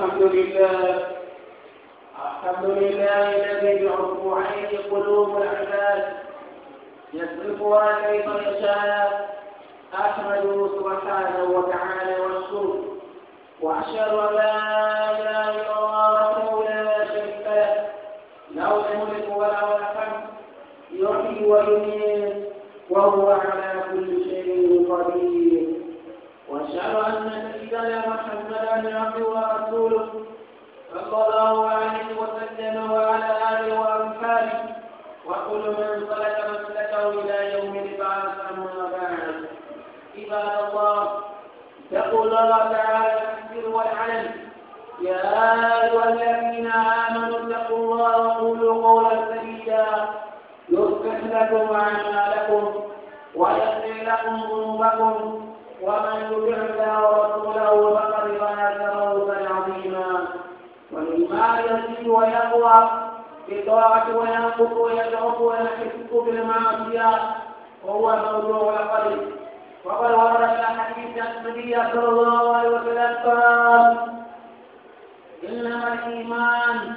الحمد لله الحمد لله الذي بعفو عين قلوب العباد يصرفها كيف يشاء احمده سبحانه وتعالى واشكره واشهد ان لا اله الا الله وحده لا شريك له له الملك وله الحمد يحيي ويميت وهو على كل شيء قدير وأشهد أن سيدنا محمدا عبده ورسوله صلى الله عليه وسلم وعلى آله وأصحابه وكل من سلك مسلكه إلى يوم البعث أما بعد عباد الله يقول الله تعالى في السر والعلم يا أيها الذين آمنوا اتقوا الله وقولوا قولا سديدا يصلح لكم أعمالكم ويغفر لكم ذنوبكم ومن يطع الله ورسوله فقد فاز فوزا عظيما ومما يزيد ويقوى بالطاعة وينقص ويدعو ويحس بالمعصية وهو موضوع القلب وقد ورد في حديث النبي صلى الله عليه وسلم قال إنما الإيمان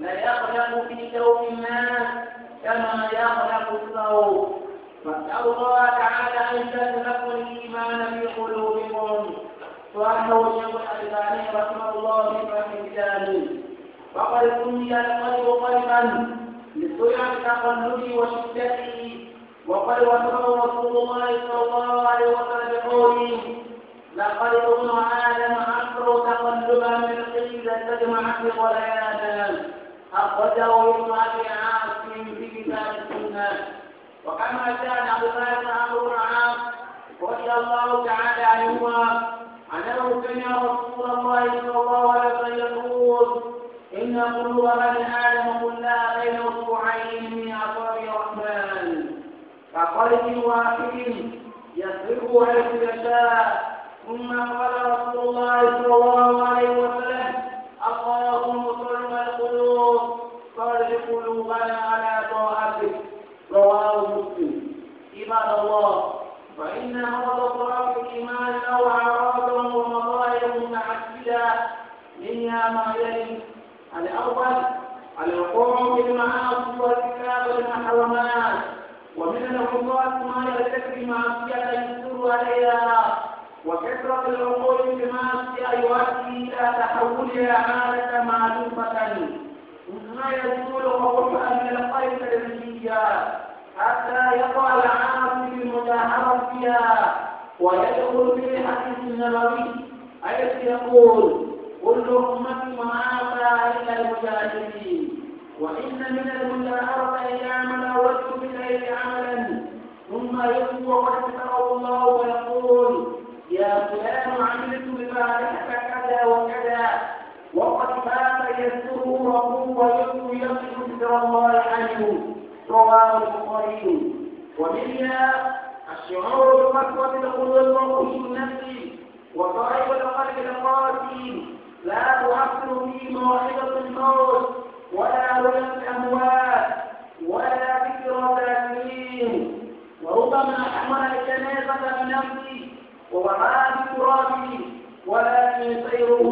لا يخلق في كون الناس كما يخلق الثوب فاسأل الله تعالى أن تزلقوا الإيمان في قلوبكم وأنه الشيخ الألباني رحمه الله في فهم وقد سمي القلب قلبا لسرعة تقلبه وشدته وقد وصفه رسول الله صلى الله عليه وسلم بقوله لقد ابن آدم أكثر تقلبا من قيل تجمع في ولا أخرجه ابن أبي عاصم في كتاب السنة وكما كان عبد الله بن عمرو بن عاص رضي الله تعالى عنهما أنه سمع رسول الله صلى الله عليه وسلم يقول إن قلوب بني آدم كلها بين أسبوعين من أصابع الرحمن كقلب واحد يسبقه حيث يشاء ثم قال رسول الله صلى الله عليه وسلم اللهم صل القلوب صل قلوبنا على طاعته رواه مسلم عباد الله فإن هذا الصلاة الإيمان له أعراض ومظاهر متعددة منها ما يلي الأول الوقوع بالمعاصي وارتكاب المحرمات ومن العقوبات ما يرتكب معصية يسر عليها وكثرة العقول بمعصية يؤدي إلى تحولها عادة معلومة ما يزول وقف أن لقيت المنية حتى يقع العام في بالمداهرة فيها ويدخل في الحديث النبوي حيث يقول كل أمة معافى إلا المجاهدين وإن من المداهرة أن يعمل وجه بالليل عملا ثم يصبح وقد الله ويقول يا فلان عملت ببارحة كذا وكذا وقد مات يستره ويبدو يصل ذكر الله عنه رواه البخاري ومنها الشعور بقسوة الخلق الموقف النفسي وضعف القلب القاسي لا تؤثر في موعظة الموت ولا ولد الأموات ولا ذكر تأثير وربما حمل الجنازة بنفسه ووعى بترابه ولكن سيره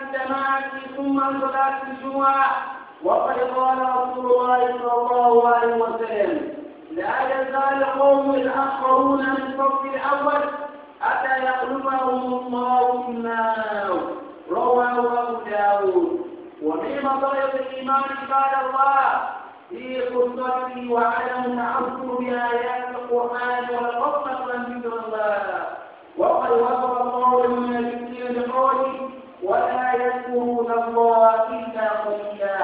الجماعة ثم صلاة الجمعة وقد قال رسول الله صلى الله عليه وسلم لا يزال قوم الآخرون من الصف الأول حتى يقلبهم الله في النار رواه أبو داود ومن مطالب الإيمان بعد الله في خطته وعدم تعبد بآيات القرآن والقصة من ذكر الله وقد وصف الله من الذكر بقوله ولا يذكرون الله إلا قليلا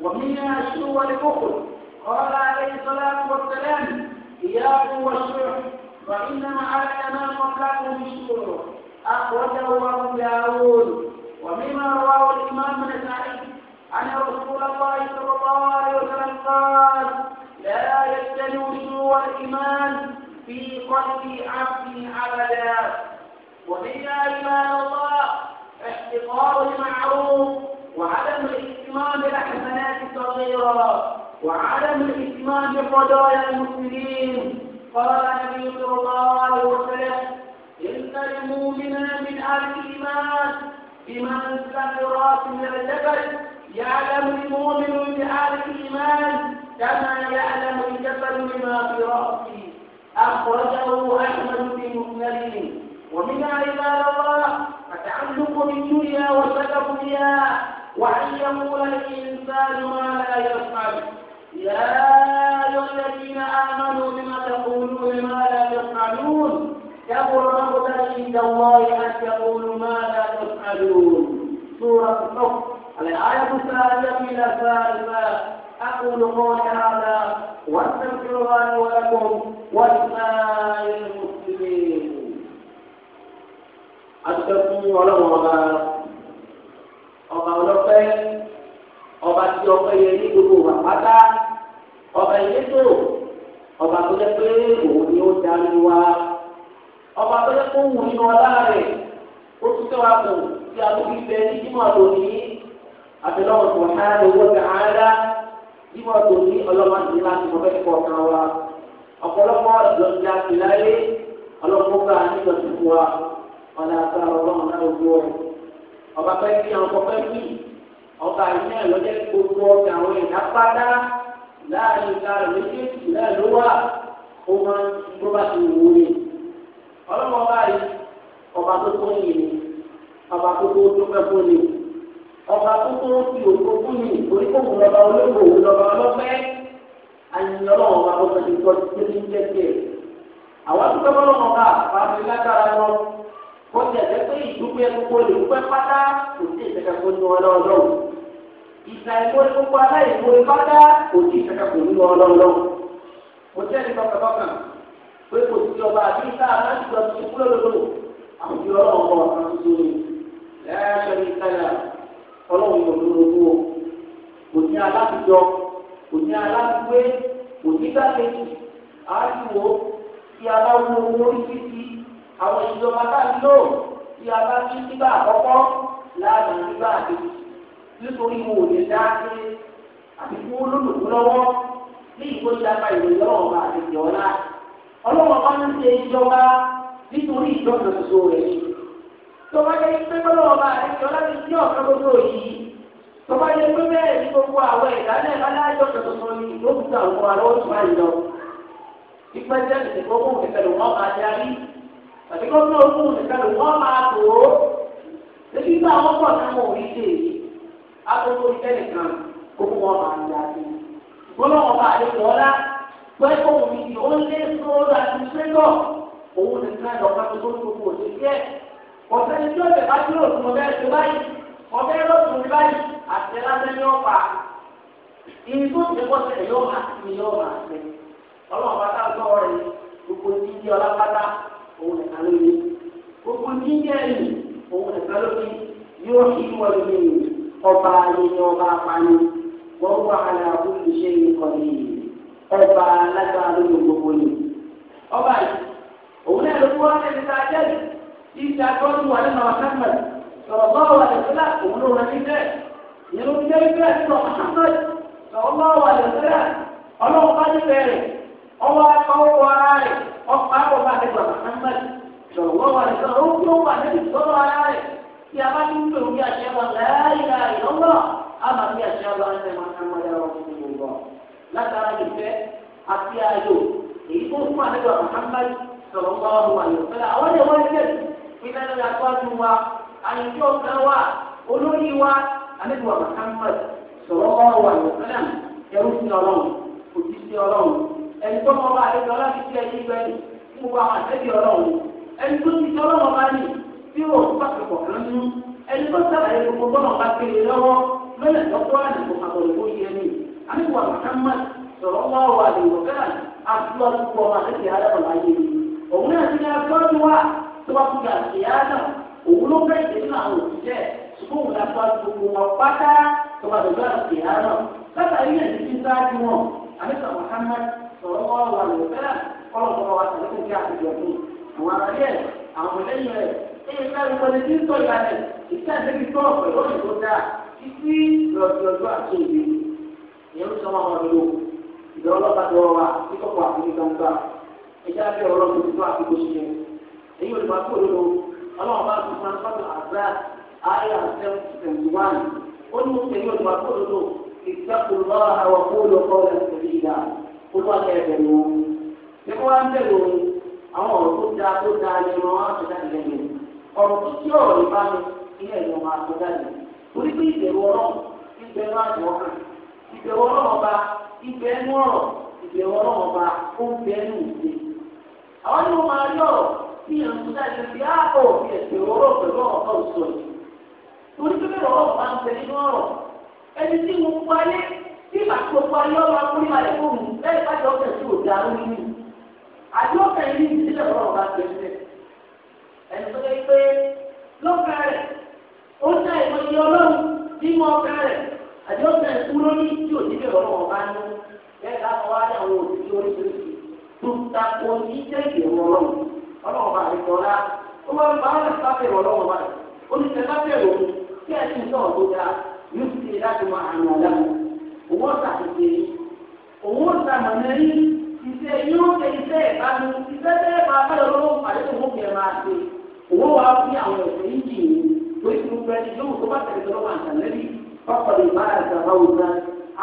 ومنها الشر والبخل قال عليه الصلاة والسلام إياكم والشح فإنما على ما قبله بالشر أخرجه أبو داود ومما رواه الإمام بن سعيد أن رسول الله صلى الله عليه وسلم قال لا يستلو سوء الإيمان في قلب عبد أبدا ومنها إيمان الله احتقار المعروف وعدم الاهتمام بالحسنات الصغيرة وعدم الاهتمام بقضايا المسلمين قال النبي صلى الله عليه وسلم إن المؤمن من أهل الإيمان بمن سكرات من الجبل يعلم المؤمن بأهل الإيمان كما يعلم الجبل بما في رأسه أخرجه أحمد في مسنده ومنها عباد الله التعلق بالدنيا وسلف بها وأن يقول الإنسان ما لا يفعل يا أيها الذين آمنوا بما تقولون ما لا تفعلون كبر مقتا عند الله أن تقولوا ما لا تفعلون سورة الصف الآية الثانية إلى الثالثة أقول قولي هذا وأستغفر الله ولكم ولسائر المسلمين adúgbò fún ọlọ́run ọba ọba ọlọ́pẹ́ ọba tí ọpẹ́ yẹ ní gbogbo wà pátá ọba ìlétò ọba tó jẹ́ pé òun ni ó darí wa ọba tó jẹ́ pé òun nínú ọlá rẹ̀ ó tún tẹ́ wa kù tí a tó fi bẹ ní jímọ̀ lónìí àtẹlọ́wọ̀n tó há lówó gàdá jímọ̀ lónìí ọlọ́run àti láti mọ̀ bẹ́ẹ̀ kọ̀ ọ̀kan wa ọ̀pọ̀lọpọ̀ ìjọba ti láyé ọlọ́run kó ká nígbà tó ọ̀nà àgbà ọlọ́run náà ló gbọ́ ẹ̀. ọba fẹ́ kí àwọn ọkọ̀ fẹ́ kí ọba ìní ẹ̀ lọ́jọ́ gbogbo ọjà àwọn ẹ̀dá pátá láàrin ìta méjèèjì náà ló wà ó máa ń tó bá ti wù ú ni. ọlọ́run ọba yìí ọba tó tó yìí ni ọba tó tó tó fẹ́ fún ni ọba tó tó fi òkú fún ni orí kò wù lọ́ba olóko wù lọ́ba ọlọ́pẹ́ ayinlọ́wọ́ ọba tó fẹ́ ti tọ́ ti tẹ́lẹ̀ ń jẹ́ tiẹ̀ àwọn àtúntò bọ́lọ́ ó tẹ̀lé pé ìdúpẹ́ gbogbo lè dúpẹ́ pátá kò sí ìtẹ̀kẹ́ ní wọn lọ́wọ́ ìgbà ìwé gbogbo aláìwé pátá kò sí ìtẹ̀kẹ́ ní wọn lọ́wọ́ mo jẹ́ ní pé kò sí ọba ìta kúrò lọ́dọ̀ ní kò ní kò ní kí títí àwọn ìjọba tá ń lò tí a bá ní nígbà àkọ́kọ́ láàbò nígbà àdéhùn nítorí wo ò lè dá sí àbíkú olólùkú lọ́wọ́ ní ìgbóṣàpá ìròyìn ọlọ́wọ́ bá àdéhùn ọ̀la ọlọ́wọ́ bá ń ṣe ìjọba nítorí ìjọba ṣoṣo rẹ̀ ni tọ́ba yẹ pé ọlọ́wọ́ bá àdéhùn ọ̀la ti ní ọ̀kan gbogbo yìí tọ́ba yẹ pé bẹ́ẹ̀ ní gbogbo àwọn ẹ̀dá náà bá láàjọ tuntun ni ló fi àlọ́ tó máa ìpẹ́jẹ́ ìdìbò kò fẹ́ lọ́wọ́ máa tàbí kọ́ ní ogún nìkan wọ́n máa tó o lórí gbà wọ́n pọ̀ náà wọ́n rí dé èyí akókó ìtẹ́lẹ̀ kan ogún wọn máa ń dá sí i. gbọ́dọ̀ wọn bá lè wọ́n lá pẹ́ kó omi yìí ó lé sóòrò àti sẹ́lọ̀ òun nìkan lọ́kàn tó tó gbogbo òṣèlú ọ̀sẹ̀ ní tí ọ̀sẹ̀ bá dúró òsùn ọ̀bẹ ṣe báyìí ọ̀bẹ lọ́sùn báyìí àti ẹlásẹ̀ ní ọ̀pá ìyí tó ṣe bọ́sẹ̀ yóò máa ti lóye gbogbo jíjẹ́ ẹ̀yìn òun ẹ̀ka lóye yóò ṣí wọlé nínú ọba ayé ni ọba apani wọ́n wà hàlẹ́ àbúrò ṣe ìkọ̀lì ọba alágbára lóye gbogbo ni. ọba yìí òun náà ló kú wá ẹni tá a jẹ́ yìí tí ìta tọ́jú wà nínú àwọn sáfẹ̀ sọ̀rọ̀ bọ́ọ̀ wà lẹ́sọ̀lá òun ló rẹ̀ níbẹ̀ ìyẹn ló ń jẹ́ bẹ́ẹ̀ sọ̀rọ̀ sọ̀rọ̀ bọ́ọ̀ wà lẹ́sọ̀lá ọlọ́run bá níbẹ̀ rẹ̀ ọwọ́ akọ́wọ́ ara rẹ̀ ọkọ̀ àbọ̀bá àdégbà Muhammad sọ̀rọ̀ wà lẹ́sọ̀rọ̀ ó kí ó wà lẹ́bi sọ́rọ̀ ara rẹ̀ tí a bá ní ń pè ó bí àṣẹ wa láyìlá ìlọ́gbọ̀ a máa fi àṣẹ wa ẹsẹ̀ fún mi Muhammad sọ̀rọ̀ wà wà wà yóò fẹ́lẹ̀ àwọn ẹ̀wọ̀n ẹgbẹ́ ìpínlẹ̀ lórí akọ́jú wa àyíjọ́ kan wa olórí wa àlejò Muhammad sọ̀rọ̀ wà wà yóò fẹ́lẹ̀ ẹrú sí ọlọ́run òjì sí ọlọ́run ẹni tó mọ ẹni tó ti tọ́ lọ́wọ́ bá ní tí ò ń pàṣẹ pọ̀ kan nú ẹni tó sàlàyé gbogbo bọ́lọ̀ bá kéré lọ́wọ́ lọ́lẹ̀ tọ́kọ́ àdìgbò àbọ̀lùkọ́ yẹ ní àníwá Muhammad sọ̀rọ̀ wá wà lè wọ̀ káà àtúwà púpọ̀ máa tẹ̀sí adáwọ̀ láyé ni òun náà ti ní agbọ́dọ̀ wá tó bá kúkà sí àná òun ló fẹ́ ìdè nínú àwọn òṣìṣẹ́ ṣùgbọ́n òun àtúwà gbogbo wọn pátá tó bá dọ̀gbà àwọn àlẹ́ ẹ̀ àwọn ọ̀lẹ́yìn ẹ̀ ẹ̀yẹ sáré pẹ̀lú tí ń tọ́ ìyá rẹ̀ ìṣe àdébí tọ́ pẹ̀lú ọ̀rẹ́ tó dáa títí lọ́dọọdọ́ àti òbí ìyẹn ń sọ wọn wọn lò ìdọ̀ ọlọ́pàá tó wà ní kọ̀kọ̀ àfihàn gbangba ẹ̀já bẹ́ẹ̀ ọlọ́run tó tó àfikún sí yẹn èyí ò lè máa kó lólo ọlọ́run bá tún máa ń fọ́tò àgbà ayé àtẹ́wọ̀n twenty one ó ní oúnjẹ yóò lè máa kó lólo ìtẹ́kùnlọ́ àwọn kó lóko ẹ̀ àwọn ọ̀rọ̀ tó dáa tó dáa ni wọ́n á sọ jáde lẹ́nu ọ̀rọ̀ tó tí ọ̀rọ̀ yìí bá mi ilé ẹ̀ wọ́n máa sọ jáde torí pé ìbẹ̀rù ọlọ́run ìbẹ̀rù àjọ kan ìbẹ̀rù ọlọ́run ọba ìbẹ̀rù ọ̀rọ̀ ìbẹ̀rù ọlọ́run ọba ó ń bẹ̀rù ìṣe àwọn ni wọ́n máa rí ọ̀rọ̀ tí ìyẹn tó jáde fi áàbọ̀ fi ẹ̀sẹ̀ ọ̀rọ̀ pẹ̀lú ọ̀rọ̀ ọ̀sọ̀ yìí torí pé bẹ̀rù ọlọ́run máa ń bẹ nínú ọ̀rọ̀ ẹni tí mo pa ayé tí màá tó pa ayé ọ̀rọ̀ akúrí ayé fóònù lẹ́yìn bá jọ àdúrótẹ̀ ní ìdílé ọ̀rọ̀ bá ti ṣe ẹni tó lè pé lọ́kà rẹ̀ ó ń ta ìmọ̀ iye ọlọ́run nínú ọkà rẹ̀ àdúrótẹ̀ kúrò ní tí òdílé ọ̀rọ̀ bá ní bẹ́ẹ̀ láwọn wá ní àwọn òdílé oríṣiríṣi tó ta kó ní jẹ́ ìgbèrú ọlọ́run ọlọ́run bá ó ń bá ọlọ́run bá rẹ̀ ó ní òun kí ẹ iṣẹ́ yóò ṣe iṣẹ́ ìbámu iṣẹ́ tẹ́ ẹ máa fẹ́ lọ́wọ́ pàdé tó wọ́n fi ẹ̀ máa ṣe owó wa fi àwọn ẹ̀sẹ̀ yìí jì ní lórí tó ń bẹ ní yóò tó bá tẹ̀lé tó lọ́wọ́ àǹtà lẹ́bí ọkọ̀ lè má àgbà bá wò ná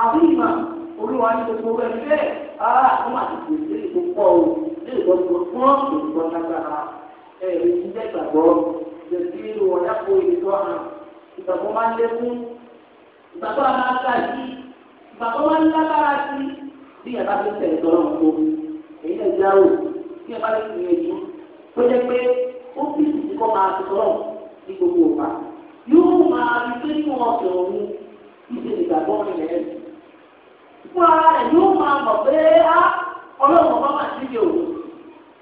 àwọn ìmọ̀ olúwa ní gbogbo ẹ̀ fẹ́ ara tó máa ti pèsè ètò pọ̀ o ní ìgbọ́dọ̀ fún ìgbọ́ lágbára ẹ̀ ẹ̀ ìṣiṣẹ́ ìgbàgbọ́ ìṣẹ̀sí wọn yàpọ̀ ètò ìgbàgbọ́ máa ń lékún ìgbàgbọ́ àmà tí yẹn bá fi tẹ̀ sọ̀rọ̀ nǹkó èyí náà jáwò tí yẹn bá fi gbìyànjú tó jẹ́ pé ó fi ìdí kọ́ máa fi sọ̀rọ̀ ní gbogbo ọ̀pá yóò máa rí pé kí wọ́n fi ìṣe ìgbàgbọ́ rẹ̀ rẹ̀ fún ara rẹ̀ yóò máa mọ̀ pé á ọlọ́run ọba máa ti òun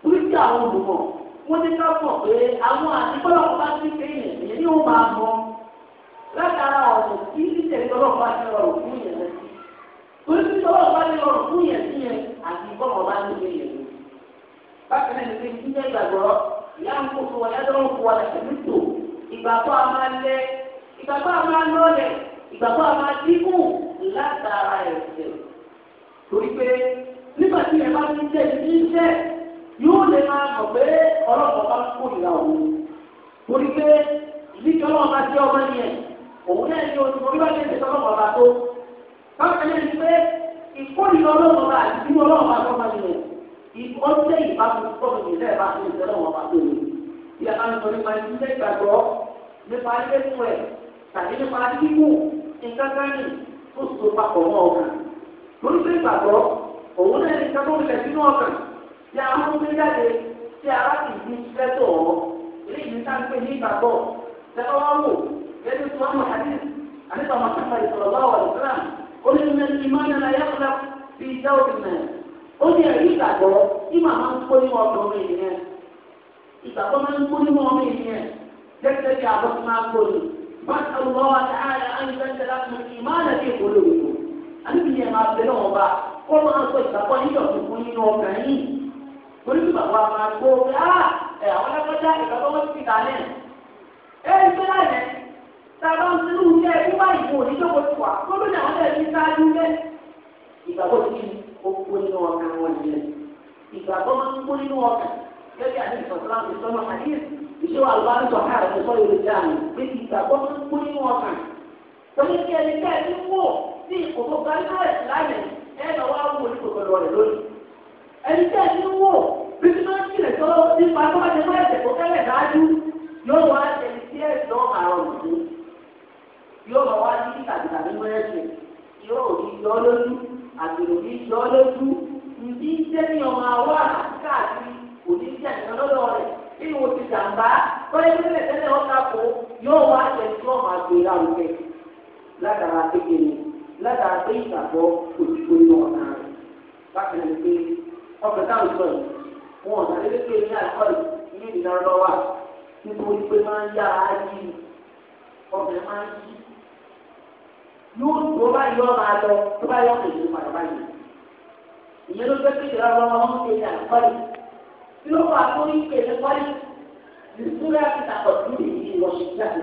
orí tí àwọn olùmọ̀ wọ́n ti ká pọ̀ pé àwọn àtìkọ́lọ́kọ́ bá bá ti torí tí tọ́wọ́ bá ní ọrùn fún yẹn sí yẹn àti bọ́ọ̀ bá ní ilé yẹn bákan náà ní kí jẹ́ ìgbàgbọ́ ìyá ń kó fún wa yá dọ́rùn fún wa lẹ́sẹ̀ nítò ìgbàgbọ́ a máa lẹ ìgbàgbọ́ a máa lọ́lẹ̀ ìgbàgbọ́ a máa dínkù látara ẹ̀sẹ̀. torí pé nígbà tí ẹ bá ti jẹ́ ìdí iṣẹ́ yóò lè máa mọ̀ pé ọlọ́pàá bá ń kó ìlà òun. torí pé ìdíjọ́ náà máa jẹ́ ọmọ yẹn òun náà bákan náà ni pé ìkórìíra ọlọ́run bá àti ìdíwọ́ ọlọ́run bá tọ́ka nínú ọ̀sẹ̀ ìbámu tọ́ka nínú ìlẹ́ ìbámu ìṣẹ́ ọlọ́run bá tó nínú. bí a bá ń sọ nípa ilé ìgbàgbọ́ nípa ilé fún ẹ̀ tàbí nípa kíkù ìkákánì tó so papọ̀ mọ́ ọkàn. lórí pé ìgbàgbọ́ òun náà ní ìkákọ́ ilẹ̀ sínú ọkàn tí a mú gbé jáde tí a láti ìdí ó ní ní ìmọ̀lẹ́ náà yàtọ̀ fi iṣẹ́ òfin náà ó ní ẹ̀rí ìgbàgbọ́ tí màmá ń kó níwọ̀n ọmọ ènìyàn ìgbàgbọ́ máa ń kó níwọ̀n ọmọ ènìyàn gẹ́gẹ́ bí àbọ̀ tí máa ń kó ni wọ́n ti àwọn ọmọ àtàlà àyùbẹ́sẹ̀ láti mú ìmọ̀lẹ́ bí ìkóló ìkó àbíbi yẹn máa bẹ̀rẹ̀ wọn bá kó máa sọ ìgbàgbọ́ yíyọ̀ tuntun nínú ọkàn tàbá ń sinú ilé ẹbí wá ìbò oníjókòó ti wà gómìnà àwọn ẹbí sáájú lé ìgbàgbọ́ ti kí ó nínú ọkàn wọn nílẹ̀ ìgbàgbọ́ máa ń kó nínú ọkàn gẹ́gẹ́ àti ìsọ̀tàn ìsọ̀nà àdéhùn ìṣe wà lọ́wọ́ àti sọ̀tàn àti ìsọ̀tàn pé ìgbàgbọ́ máa ń kó nínú ọkàn pẹ̀lú kí ẹni tẹ́ ẹni wò sí ìkòkò gbàgbọ́rẹ̀ láyẹ̀ ẹ lọ wá wò lọ́ yóò lọ wá sí tàbílà nínú ẹsẹ̀ yóò di yọ lójú àgbèrò rí yọ lójú ìdí sẹ́ni ọmọ àwọn àkáàkiri kò ní sí àyàn lọ́dọ̀ rẹ̀ nínú ti jàǹbá bóyá nílẹ̀ tẹ́lẹ̀ wọn ká kó yóò wá jẹ tí wọ́n máa gbé lárugẹ látara kékeré látara pé ìgbàgbọ́ òdìgbò ní ọ̀nà rẹ̀ bákan ní pé ọkọ̀ táwọn sọ yìí wọn ọ̀nà lé pé ní àkọ́lù ní ìdílé ọlọ́wà nítorí pé máa ń yára yí yí yóò tó bá yọ máa lọ tó bá yọ kò ní padà báyìí ìyẹn ló fẹ́ kí ìlera wọn wọn ń kéde àkọ́lé tí ó wà tó ń kéde kọ́lé nítorí àkìtà pọ̀jù lè fi ìwọ̀sùn jáde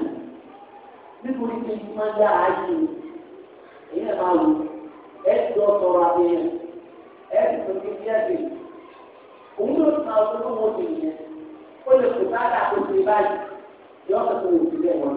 nítorí pé ìmọ̀ ń dá ààyè èyí ẹ̀ máa wò ẹ̀ ti lọ sọ̀rọ̀ àbẹ̀yẹn ẹ̀ ti tó kéde jáde òun ló ti máa wọ́n tó wọ́n ti yẹn ó lè kó sáà dà kó ti báyìí yọ ọ́ sọ̀rọ̀ òkú lẹ́wọ̀n.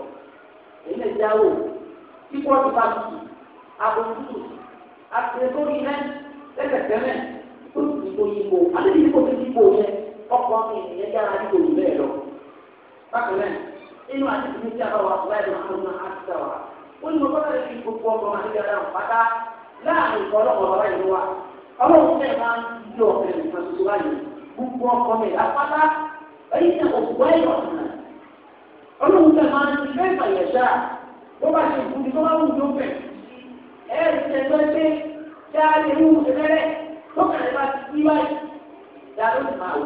èyí ẹ̀já wò kíkọ́ ti bá tutù àbòtútù àtẹ̀sórí rẹ lẹ́sẹ̀tẹ́lẹ̀ tó ti kò yípo àti ìdíkò tó ti kò yẹ ọkọ mi ìyẹn yára ní òwú bẹ́ẹ̀ lọ. bákan náà inú àti ìdílé tí a bá wà fúláì lọ àwọn ọmọ àti ìta wà ó ní mo bá bẹ̀rẹ̀ fi gbogbo ọkọ máa ń gbé ara pátá láàrin ìkọ́ ọlọ́kọ̀ wa ọlọ́run fẹ́ẹ́ máa ń ọlọ́run tẹ̀ máa ń ti fẹ́ ìfàyẹ̀ṣà ó bá ṣe ìfúnni tó bá wù ló fẹ̀ ẹ̀ ẹ́ ti tẹ̀ pé kí a lè mú ìfẹ́rẹ́ tó kàn lè bá ti kí báyìí dá ló ti máa wù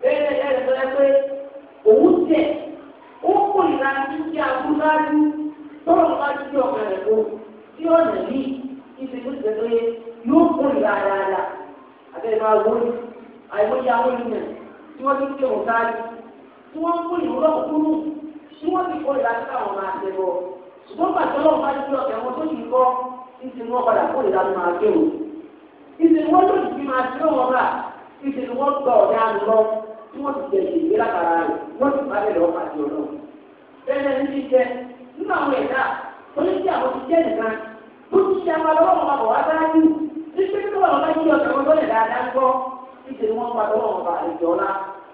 bẹ́ẹ̀ ẹ̀ ẹ̀ tẹ̀ pé òun tẹ̀ ó kò ìlànà tí kí a kú lájú tọ́lọ̀ bá ti di ọ̀kan rẹ̀ kó tí ọ̀nà yìí ìṣe tó tẹ̀ pé yóò kò ìlànà àbẹ̀rẹ̀ máa wọ́n àìmọye àwọn ènìyàn tí wọ́n ti kí òun sáájú tí wọ́n mú ìwúrọ̀ kúrú tí wọ́n ti kọ ìlànà àwọn àtẹ̀bọ̀ ṣùgbọ́n pàṣẹ ọlọ́run bá ti ọ̀tẹ̀ wọn tó yìí kọ́ ìsìn wọn padà kó ìlànà máa gbé o ìsìn wọn ló ti máa ṣe wọn rà ìsìn wọn gbọ́ ọ̀dẹ́ àná lọ tí wọ́n ti jẹ̀yìn ìgbé lákàrà rẹ̀ wọ́n ti bá lẹ̀ lọ́ọ́ pàṣẹ ọlọ́run bẹ́ẹ̀ ni jẹ nínú àwọn ẹ̀dá oníṣẹ́ àwọn ti jẹ́ nìkan tó ti ṣe àwọn ọlọ́run ọmọ wa dájú nígbà tí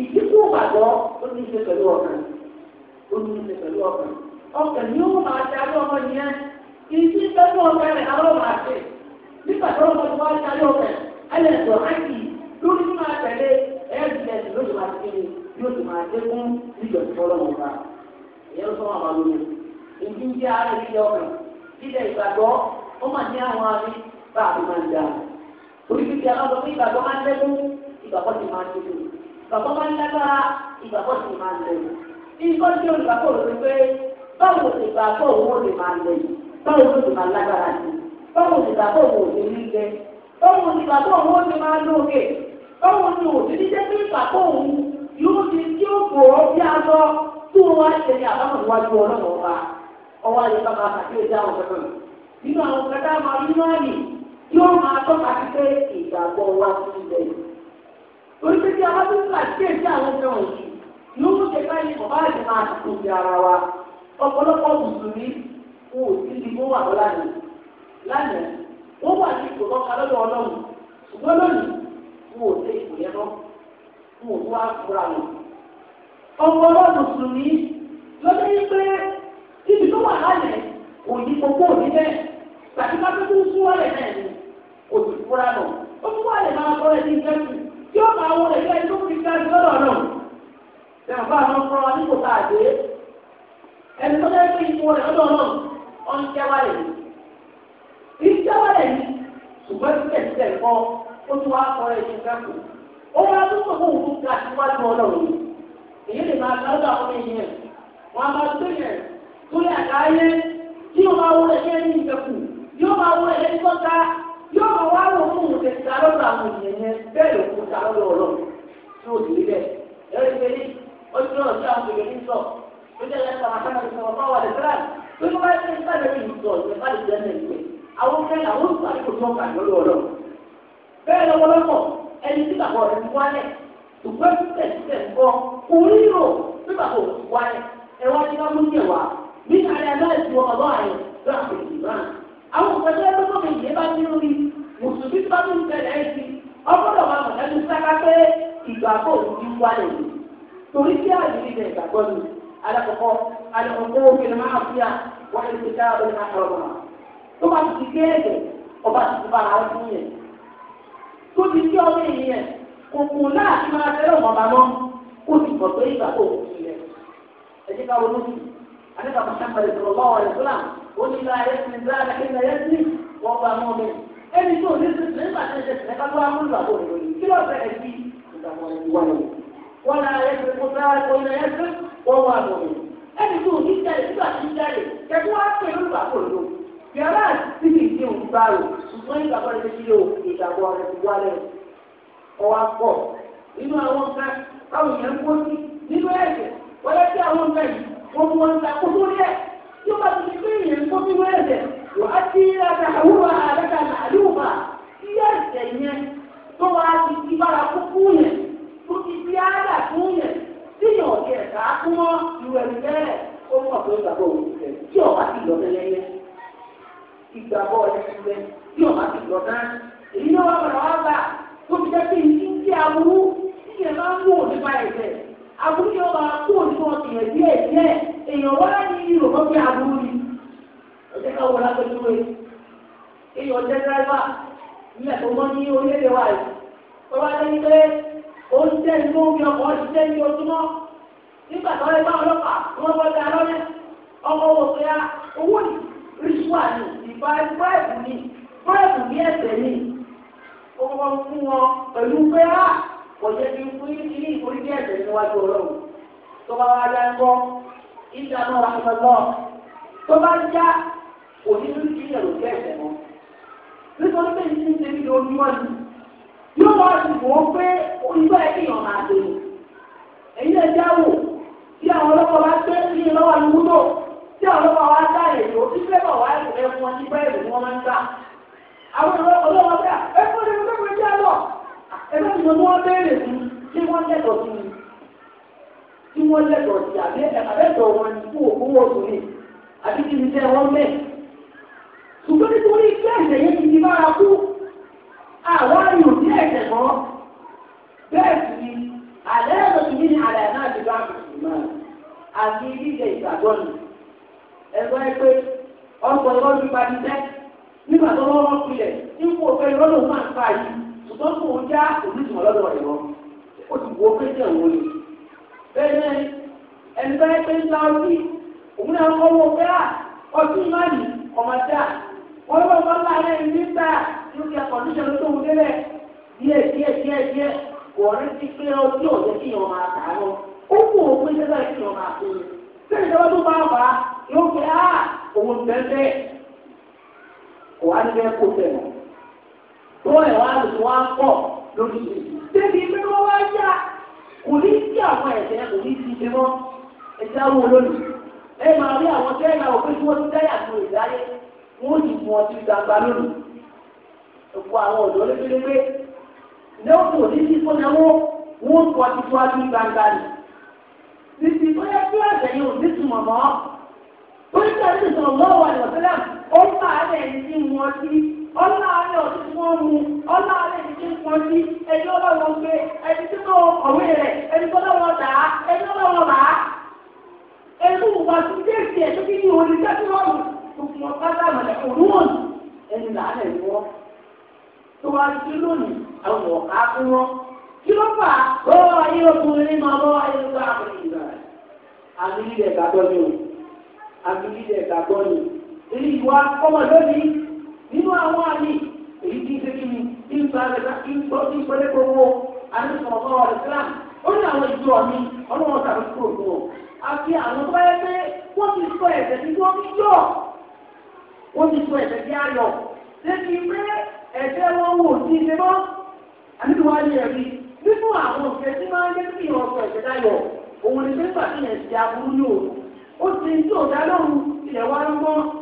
ìdíkù ìbàdàn ó ní í ṣe pẹ̀lú ọkàn ó ní í ṣe pẹ̀lú ọkàn ọkàn ni ó máa darí ọmọ yẹn ìdí pẹ̀lú ọkàn rẹ̀ àwọn máa ṣe nígbà tó ọmọ tó wá darí ọkàn ẹlẹ́sọ̀ áìkì lórí tó máa tẹ̀lé ẹ̀ẹ́dìgẹ̀dì ló ti máa ṣe yóò ti máa dé fún ìjọ ìfọlọ́wọ́ ká ìyẹn ló sọ́wọ́n àwọn olóyè ìdí ń jẹ́ ara ilé ọkàn ilẹ̀ ìgbàgbọ́ ó máa ní àwọn àmì bá àbí máa ń dà orí fífi alábọ̀ fún ìgbàgbọ́ máa ń dẹ́kun ìgbàgbọ́ ti máa ń dẹ́kun bàbá bá ń lágbára ìgbàgbọ́ sì máa ń lẹ̀ yìí nǹkan tí olùgbàgbọ́ rẹ̀ wípé báwo sì gbàgbọ́ òun ò lè máa lẹ̀ yìí báwo sì máa lágbára sí báwo sì gbàgbọ́ òun ò lè ní lẹ̀ báwo sì gbàgbọ́ òun ò lè máa lókè báwo sì ò ní jẹ́ pé gbàgbọ́ òun yóò ti kí ó bò ó bí a lọ tó wá ṣe ní àbámọ̀ iwájú ọlọ́run ọba ọwọ́ àyè bàbá àkàkíyèsí àwọn ọ̀gá náà nínú àwọn ọ̀gá tá a máa rí náà nì yóò máa tọ́ka sí pé ìgbàgbọ́ wa ti ń bẹ̀rẹ̀. torí pé kí abá tó ń ṣàkíyèsí àwọn ọmọ ọ̀sùn ló mú ṣe ká máa tó fi ara wa ọ̀pọ̀lọpọ̀ mùsùlùmí kò sí ibi wà lánàá wọ́n wà ní kalọ́dọ̀ ọlọ́run ṣùgbọ́n lónìí ò yẹn lọ ò wá fúra wọn. ọ̀pọ̀lọpọ̀ mùsùlùmí lọ́dọ̀ yìí pé yóò máa wọ ẹgbẹ́ inú fi ká sí lọ́dọ̀ náà ṣe àbá àwọn ọmọ wa nípò tá a dé ẹni tó dẹ́ pé ipò rẹ̀ lọ́dọ̀ náà ọ̀ ń jẹ́ wálẹ̀ yìí ń jẹ́ wálẹ̀ yìí ṣùgbọ́n síbẹ̀síbẹ̀ kọ́ ó tún wá kọ́ ẹ̀ ní káàkó ó wá tó tó fún òun ká síwájú ọlọ́run èyí lè máa gbọ́dọ̀ àwọn èèyàn wọn a máa tó yẹn tó yẹ àgbáyé tí yóò máa wọ ẹgbẹ́ ní ìfẹ́kù yóò máa wọ ẹgbẹ́ yóò mọ̀ wá lò mú un tètè ta lọ́dọ̀ àwọn ènìyàn yẹn bẹ́ẹ̀ ló kú ta lọ́dọ̀ ọlọ́run tí ó dé bẹ́ẹ̀ ẹ̀rọ ìgbẹ́ ní ojú náà sí àwọn ìgbẹ́ ní sọ ó jẹ́ lẹ́sọ̀ àtàkà ìṣòro bá wà lẹ́sẹ̀rẹ̀ tó ní wáyé ní sáà lè jẹ́ àwọn àwọn tó ọlọ́run àwọn òṣèlú ẹgbẹ́ tó kéde bá nínú ni mùsùlùmí tó bá tún tẹ̀lé ẹ̀sìn ọgbọ́dọ̀ máa mọ̀ lẹ́nu sáká pé ìgbàgbọ́ òun ti wá lẹ̀ yìí torí kí àyè ilẹ̀ ìgbàgbọ́ alákọ̀ọ́kọ́ alákọ̀ọ́kọ́ òkèlè máa fi wọ́n tó bá ti ẹ̀jẹ̀ ọba ti ti bá ara fún yẹn tó ti kí ọmọ ènìyàn kò náà ti máa ó ní ká ẹsìn ìgbàlá ìgbà ẹsìn wọn gba mọ bẹ́ẹ̀ ẹni tó ní sísè nígbà tí ẹsẹ ẹka tó wà mú ìgbà tó lórí kí ló bẹ̀rẹ̀ sí ìgbàgbọ́ ẹni wà lórí wọn náà ẹsẹ kó sá ẹkọ ilẹ̀ ẹsẹ wọn wà lórí ẹni tó ní jáde nígbà tí jáde kẹkọ wá pè ló gbà kó yàrá tí kì í òun gbà rò ṣùgbọ́n ìgbàgbọ́ ẹni tí yóò wọn ta kó yóò bá ti pé èèyàn kó bí wọ́n ẹ̀jẹ̀ wà á ti ra ta àwùrọ̀ àdáka àdúgbà tí ẹ̀jẹ̀ yẹn tó wá ti di bára kúkú yẹn tó ti di áádà fún yẹn tí yàn ọ̀kẹ́ ẹ̀ka fún ọ́ ìwé ẹ̀mí bẹ́ẹ̀ ó mọ̀ pé ìgbàgbọ́ aburú yóò máa kó nínú ọ̀sìn díẹ̀ díẹ̀ èèyàn wá ní ìrò kan bí aburú ni ọjọ́ ká wọlé apẹ̀lú rẹ̀ èèyàn jẹ́ dírẹ́fà ní ẹ̀kọ́ mọ́ ní orílẹ̀-èdè wa yìí wọ́n wá lẹ́yìn pé ó ń tẹ́ inú omi ọkọ̀ ó ti tẹ́ ní ojúmọ́ nígbà tó ẹ bá ọlọ́pàá wọ́n wọ́n da lọ́lẹ́ ọkọ̀ wò pé a ah, owó ríṣùwà ni ìfà búrẹ́dì ni búrẹ́dì ni ẹ̀sẹ̀ ni ó wọ́n fún wọn pẹ̀lú pé a. Ah, kò yẹ kí ní ìforíjì ẹ̀ṣẹ̀ níwájú ọlọ́run tó bá wá yá ń gbọ́ ìjà náà lọ tó bá yá kò ní kí ẹ̀rọ jẹ́ mọ́ nítorí pé ni yóò wá ó pé onígbà tí àwọn ọlọ́pàá bá gbé ní tí àwọn ọlọ́pàá wá dá èrò tí bọ̀ wá ẹ̀fọn àwọn tí wọ́n béèrè fún tí wọ́n lẹ́tọ̀ọ́ sí ni tí wọ́n lẹ́tọ̀ọ́ sí àbẹ́tọ̀ wọn ni kú òkú wọn sùn ní àbí kí ni jẹ́ wọ́n mẹ́. ṣùgbọ́n nítorí pé ẹ̀jẹ̀ yẹn ti di mára kú àwọn ayò ní ẹ̀jẹ̀ mọ́ bẹ́ẹ̀ sì ni àlẹ́ ẹ̀rọ ti ní àlẹ́ náà ti bá àti jíjẹ ìgbàgbọ́ ni ẹ̀rọ ẹ pé ọgbọ̀n lọ́dún padì tẹ́ nígbà tó lọ́wọ́ pilẹ̀ ipò pẹ̀lú ọlọ́run máa ń fa yìí tó ń fún já òdìsùn lọ́dọ̀ rẹ̀ lọ ó ti wo pé jẹ́ òun ni bẹ́ẹ̀ náà ẹni bẹ́ẹ̀ pé ń sáré sí òun náà kọ́ wọ pé à ọdún máa yìí ọmọ já wọ́n lọ́ bá bá rẹ̀ nígbà tí ó fi àkọ́ndíṣẹ́ ló tó wù délẹ̀ díẹ̀ díẹ̀ díẹ̀ díẹ̀ kò rí ti pé ọdún ọ̀dẹ́ kí ìyọ̀n máa kà á lọ ó kù ó pé jẹ́ kí ìyọ̀n máa kú bẹ́ẹ̀ ni ọdún bá wà á yóò fi à òun bẹ́ẹ̀ bẹ́ẹ̀ kò wá ní kó tẹ̀ mọ́ tó ẹ̀ wá lù wá pọ̀ lórí ìlú. débi pé wọ́n wá yá kò ní sí àwọn ẹ̀jẹ̀ kò ní sí ṣe mọ́ ẹ̀jẹ̀ àwọn olóyìn. ẹ máa rí àwọn tẹ́lá òfin tí wọ́n ti dáyà tó ìdáyé wọ́n sì mú ọtí gbangba lónìí. òkú àwọn ọ̀dọ́ lébélébé lẹ́wọ̀n kò ní sí fún ẹwọ́ wọ́n kọ́ ti tó ájú gbangba nì. títí tó yẹ kí ọ̀sẹ̀ yìí ò ní túmọ̀ mọ́. ó ń tẹ̀lé ìtàn lọ́wọ́ àdìmọ̀sílẹ̀ ó ń bá ọlá àárẹ̀ ọtụtụ tí wọ́n mu ọlá àárẹ̀ ìdíje ń gbé ẹni tí rẹ̀ ẹni ẹni wà ẹ̀ tó kí ní tuntun ọ̀pá ẹni làálẹ̀ wọ́. tó wá sí lónìí àwọn ọ̀ká fún wọn kí ló fà ó ayé ọkùnrin máa bọ́ ayé nínú àwọn àmì èyí tí ń ṣe kí ni ìgbà àgbẹ̀dá ìgbọ́ ìgbẹ́lẹ́ gbogbo àdéhùn ọ̀gá ọ̀rẹ́ Islam ó ní àwọn ìjọ mi ọlọ́wọ́n tàbí kúrò fún ọ àti àwọn tó yẹ pé wọ́n ti sọ ẹ̀sẹ̀ tí wọ́n fi yọ̀ wọ́n ti sọ ẹ̀sẹ̀ tí a yọ̀ lẹ́bi pé ẹ̀sẹ̀ wọn wò sí ṣe mọ́ àdéhùn wa ní ẹ̀rí nínú àwọn òṣèlú tí máa ń jẹ́ kí ìwọ̀n sọ ẹ̀sẹ̀ dáyọ̀ òun ni pé nígbà yẹn ti aburú yòó ó ti ń tó ọ̀dà lóhùn ilẹ̀ wa ń gbọ́n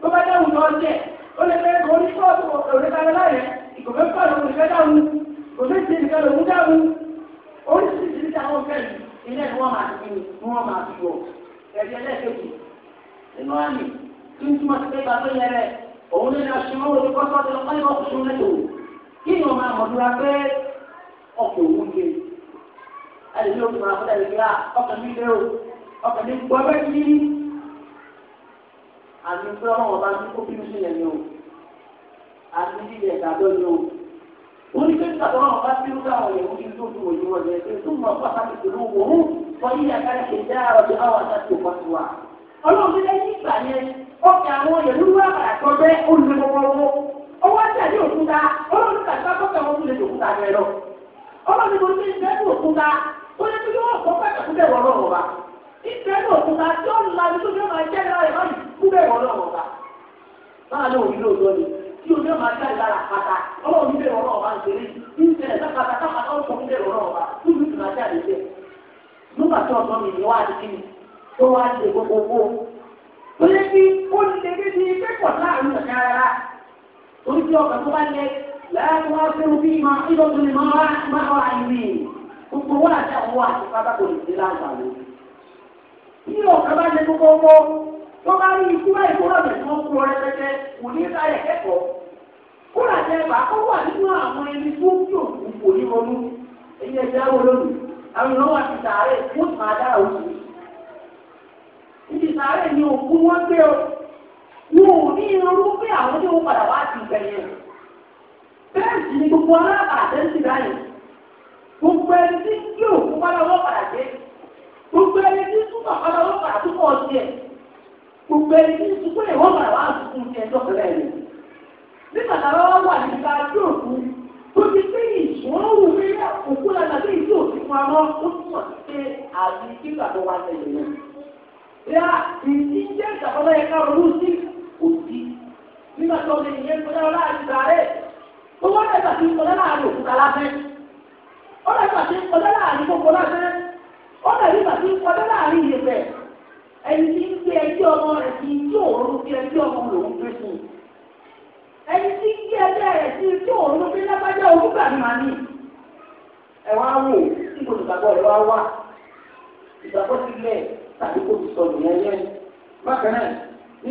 tó bá dáhùn lọ jẹ́ ó lè fẹ́ kó ní kóòtù òrùkàrẹ́ láyẹ̀ ìkòfẹ́ pọ̀ lòun ìfẹ́ dáhùn kò fẹ́ ti ìfẹ́ lòun dáhùn oríṣiríṣi àwọn fẹ́ ilé ni wọ́n máa fi wọ́n máa fi wọ̀ ẹ̀rí ẹlẹ́ẹ̀kejì nínú àmì tí ń túmọ̀ sí pé bàbá yẹn rẹ̀ òun ní aṣọ òun kọ́ sọ́ọ́ tẹ̀lé pálí ọ̀kùn sún lẹ́tọ̀ kí ni ọmọ àmọ̀dúrà pé ọkọ̀ òun gbé ẹ̀rí ló fi máa fún ẹ̀rí gbé ah, ọkọ̀ mi gbọ́ bẹ́ẹ̀ àti pé ọlọ́wọ́n bá ní kó bínú sí yẹn ni o àti yíyẹ ìdájọ́ ni o. wọ́n ní pé nígbàdàn ọ̀rọ̀ bá bínú káwọn yẹn wọ́n tó fi wòye wọ̀nyẹ pé tó mọ̀ pàtàkì pẹ̀lú wò ó wọ́n yíyẹ káyọ̀ ṣe dá ọ̀dọ̀ àwọn àtàkì òkú ti wà. ọlọ́run ní lẹ́yìn ìgbà yẹn ọkẹ́ àwọn yẹn lúwọ́ àbàrà kan bẹ́ olùdókòwò ọwọ́ tẹ̀lé òkúta ọlọ́run kàtà kọ́kẹ́ wọn tún lè dòkúta bẹ́ẹ̀ lọ ọlọ́run ní mo ti ń bẹ́ẹ̀ ìfẹ́ ní òkúta tí ó ń la ibi tó fi máa jẹ́ lára ìwádìí kú wọ́n lọ́wọ́ ọ̀gá. máa ní òbí lóòótọ́ ni tí omi máa jẹ́ lára pátá ọlọ́run bẹ́ẹ̀ wọ́n sápàtà sápàtà wọ́n ajá lè jẹ́. nígbà tí ọ̀sán mi wá di kíni tó wá di ó yẹ kí ó lè ní ọ̀kan bá lè kókó wọ́ tó bá rí ikú kú rẹpẹtẹ kò ní kẹ́kọ̀ọ́ jẹ bá kó wà nínú àwọn ẹni tó kí òkú kò ní ronú ẹni ẹja wo lónìí àwọn ìlú wa ti sàárẹ̀ kó tún á dára oṣù ibi sàárẹ̀ ni òkú wọn gbé wọn gbogbo ẹni tí súnmọ́ ọ̀kadà ló fà àtúkọ̀ ọtí ẹ̀ gbogbo ẹni tí súnmọ́ ẹ̀ wọ́n bàrà wà tuntun ẹ̀ dọ́kọ̀lẹ̀ rẹ̀ nígbà táwọn wá wà nípa tí òkú tó ti pé ìṣòro wù mí òkú lára pé ìdí òfin fún amọ́ ó túmọ̀ sí pé àbí kíkà tó wá tẹ̀lé náà. Ìyá ìdí jẹ́ ìṣàkọ́lọ́ yẹn ká ronú sí òbí nígbà tó lè yẹn kọjá láàrin ìgbàrẹ́ tó wọ́n lẹ́gbàá ti kọjá láàrin òkúta láfẹ́ ó lẹ́gbàá ti kọjá láàrin gbogbo láfẹ́. ó dàbí ìgbà tí ń kọjá láàrin ìyẹ̀fẹ̀ ẹni tí ń gbé ẹjọ́ ọmọ rẹ̀ tí òórùn fi ẹjọ́ ọmọ lòún fi fún ẹni tí ń gbé ẹjọ́ rẹ̀ òórùn fi ní ẹ wá wò tí kò nígbàgbọ́ ẹ wá wà ìgbàgbọ́ ti lẹ̀ tàbí kò ti sọnù yẹn yẹn bákan náà tí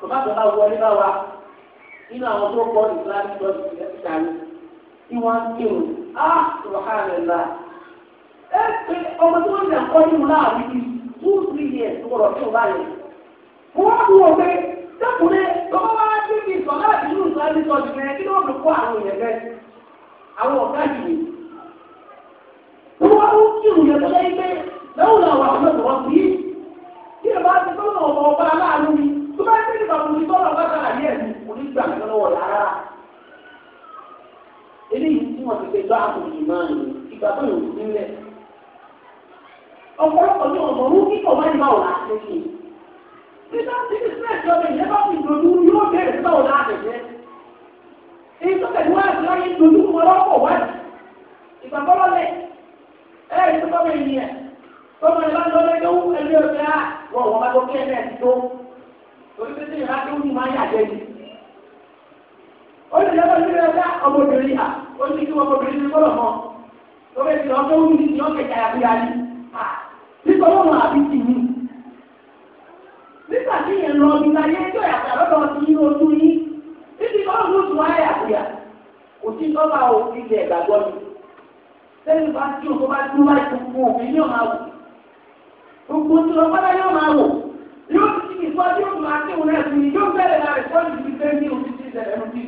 tòmátò bá wọlé bá wa nínú àwọn tó kọ́ ìsìlámù tó ti ṣe ṣàlù tí wọ́n ń kírun á subhanallah ẹ pé ọmọ tí wọ́n ń yàn kọ́ nínú láàrin bíi two three years gbọ́dọ̀ tí o bá yẹ. mo wá wọ pé dẹ́kunlé lọ́wọ́ wá sí ibi ìsọ̀ láti inú ìsọ̀lẹ́ sọ jù mẹ́rin kí ló fi kọ́ àwọn èèyàn bẹ́ẹ̀ àwọn ọ̀gá yìí. mo wá wọ kírun yẹn tó lẹ́yìn pé lẹ́wọ̀n làwọn àwọn ọ̀gá tó bá ti nípa ní bọ́ọ̀lù bá dára ní ẹ̀mí onígbà lọ́wọ́ rárá. eléyìí tí wọ́n ti fẹ́ lọ́ àpò ìmọ̀ ìgbà tó yòó sílẹ̀. ọ̀pọ̀lọpọ̀ ní ọ̀mọ̀ orú kíkọ̀ wáyé máa á ṣe Nígbà tí ìsìlẹ̀ ìjọba ìjọba ti dojú yóò bẹ̀rẹ̀ sí báwo láti Èyí tó tẹ̀lé wá sí láyé dojú wọn lọ́pọ̀ wáyé. Ìgbàgbọ́ lọ́lẹ̀ ẹ̀ ẹ̀ tó bá bẹ̀rẹ̀ yẹn. Tọ́mọ ìbá lọ́lẹ̀ ẹgbẹ́ ọ̀gá wọ̀ wọ́n bá tó kí ẹ̀ torí pé sèyí láti wúni máa yà jẹ́ yìí. ó lè lọ́wọ́ sí ẹ̀ka ọmọbìnrin à ó ní kí ọmọbìnrin ti gbọ́dọ̀ mọ́ tó bẹ́ẹ̀ tí wọ́n tó wúni tí wọ́n kẹ̀kẹ́ àbúyá yìí. nípa ọlọ́run àbí ti mú. nígbà tí yẹn lọ ọdún ayé tó yàtọ̀ lọ́dọ̀ ti yín ojú yín títí ọlọ́run ló tún wáyà àbúyá kò sí tọ́ba ò ti jẹ ìgbàgbọ́ mi. sẹ́yìn bá tí o tó bá dúró láì gbogbo òfin yóò máa wò gbogbo tí wọ́n ìwọ tí o máa tí o náà fi yóò bẹ̀rẹ̀ lára ẹ̀kọ́ yìí ti bẹ́ẹ̀ ní oṣù tí ìṣẹ̀lẹ̀ ń bí.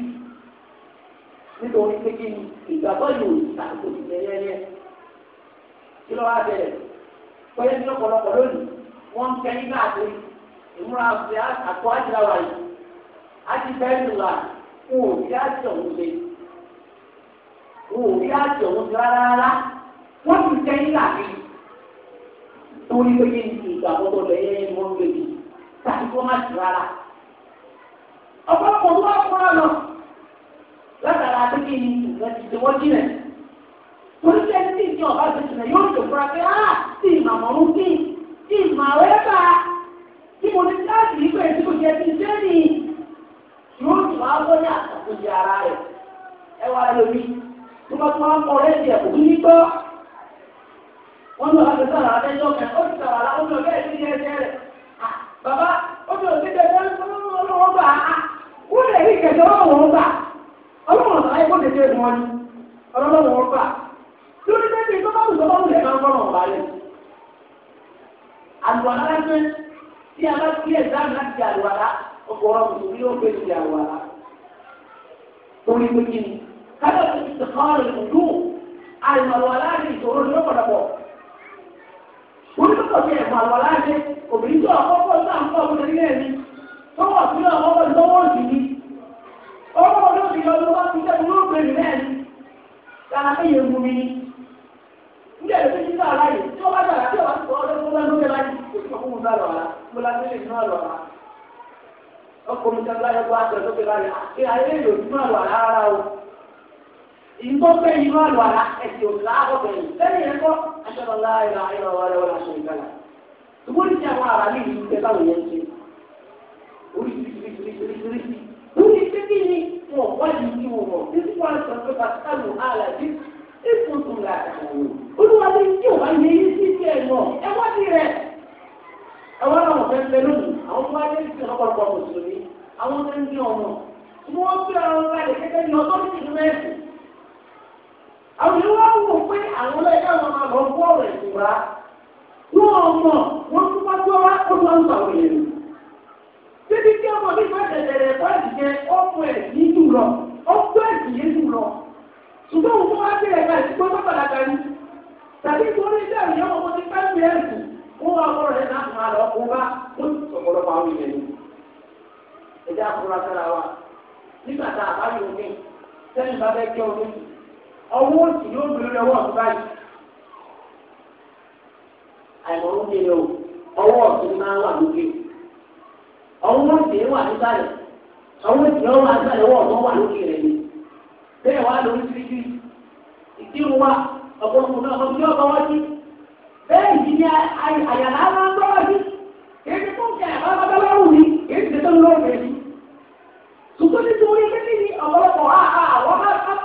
nítorí pé kí ìgbàgbọ́ yóò ta kò sì bẹ̀ yẹ́yẹ́. kí ló wá bẹ̀rẹ̀ pẹ́yẹ́ ní ọ̀pọ̀lọpọ̀ lónìí wọ́n ń kẹ́yìn náà pé ìmúra àti àkọ́ àjìlá wa yìí á ti bẹ́ẹ̀ nù wá kó o bí àti ọ̀hún ṣe kó o bí àti ọ̀hún ṣe rárá rárá wọ́n ti kẹ́yìn náà pé torí pé kí ìgbàgbọ́ tó bẹ̀ ni wọ́n ń tàbí kó má sí rárá. ọ̀pọ̀lọpọ̀ ló wá fúnra látara àdéhùn ní ìgbà títí wọ́n jìnà. oríṣi ẹni tí ìjọ ọba ti jìnà yóò tó fura pé á mọ̀ kí bá mo ní pé kò jẹ́ jẹ́ yóò wọ́n ara rẹ̀ ẹ wá lórí wá kọ́ ṣe àwàrà. Orí pé kí ni? bẹ yìí máa lọ àlá ẹsẹ̀ òkè àbọ̀ bẹ̀rẹ̀ lẹ́yìn ẹ̀kọ́ aṣọ́nàlá ìlà ìlà wà lẹ́wọ̀n aṣọ ìkàlà. ṣùgbọ́n ní ti àwọn ará mi yìí tẹ́ báwọn yẹn ṣe oríṣiríṣiríṣiríṣiríṣi lórí pépé ni wọn wá di ní wọn mọ títí wọn sọ pé pàṣípàlù àlà bí ètò tó la àtàwọn olùwàlẹ tí ò bá yẹ yé sí ti ẹ mọ ẹ wá di rẹ àwọn àwọn ọ̀fẹ́ fẹ́ lónìí àwọn ọmọ adé ti ọ̀pọ̀lọpọ̀ mùsùlùmí àwọn ọmọ ẹni ọmọ tí wọ́n fi àwọn ọmọ adé kẹ́kẹ́ ní ọdún tó ti dùn mẹ́sìn àwọn yẹn wá wò pé àwọn ọlọ́yẹ káwọn máa lọ bọ́ ọ̀rọ̀ ìtura wọn mọ̀ wọn tún bá tó wá ó máa ń bà wọ̀nyẹn nù. títí kí ọmọ mi máa ẹ̀kọ́ ọmọ ẹ̀ lọ ọgbọ́ lọ. ṣùgbọ́n òun wá bẹ̀rẹ̀ ká tó padà tàbí torí ìyá ọmọ ti fẹ́ fi ọwọ́ òsì yóò dúró lọ́wọ́ ọ̀tún báyìí. àìmọ̀ ń ṣe o ọwọ́ ọ̀tún máa wà lókè ọwọ́ òsì wà nísàlẹ̀ ọwọ́ òsì yóò wà nísàlẹ̀ ọwọ́ ọ̀tún wà lókè rẹ̀ ni bẹ́ẹ̀ wá lórí síríkì ìkírun wa ọ̀pọ̀lọpọ̀ náà yóò bá wá sí bẹ́ẹ̀ ni àyàlá máa ń wá sí kẹ́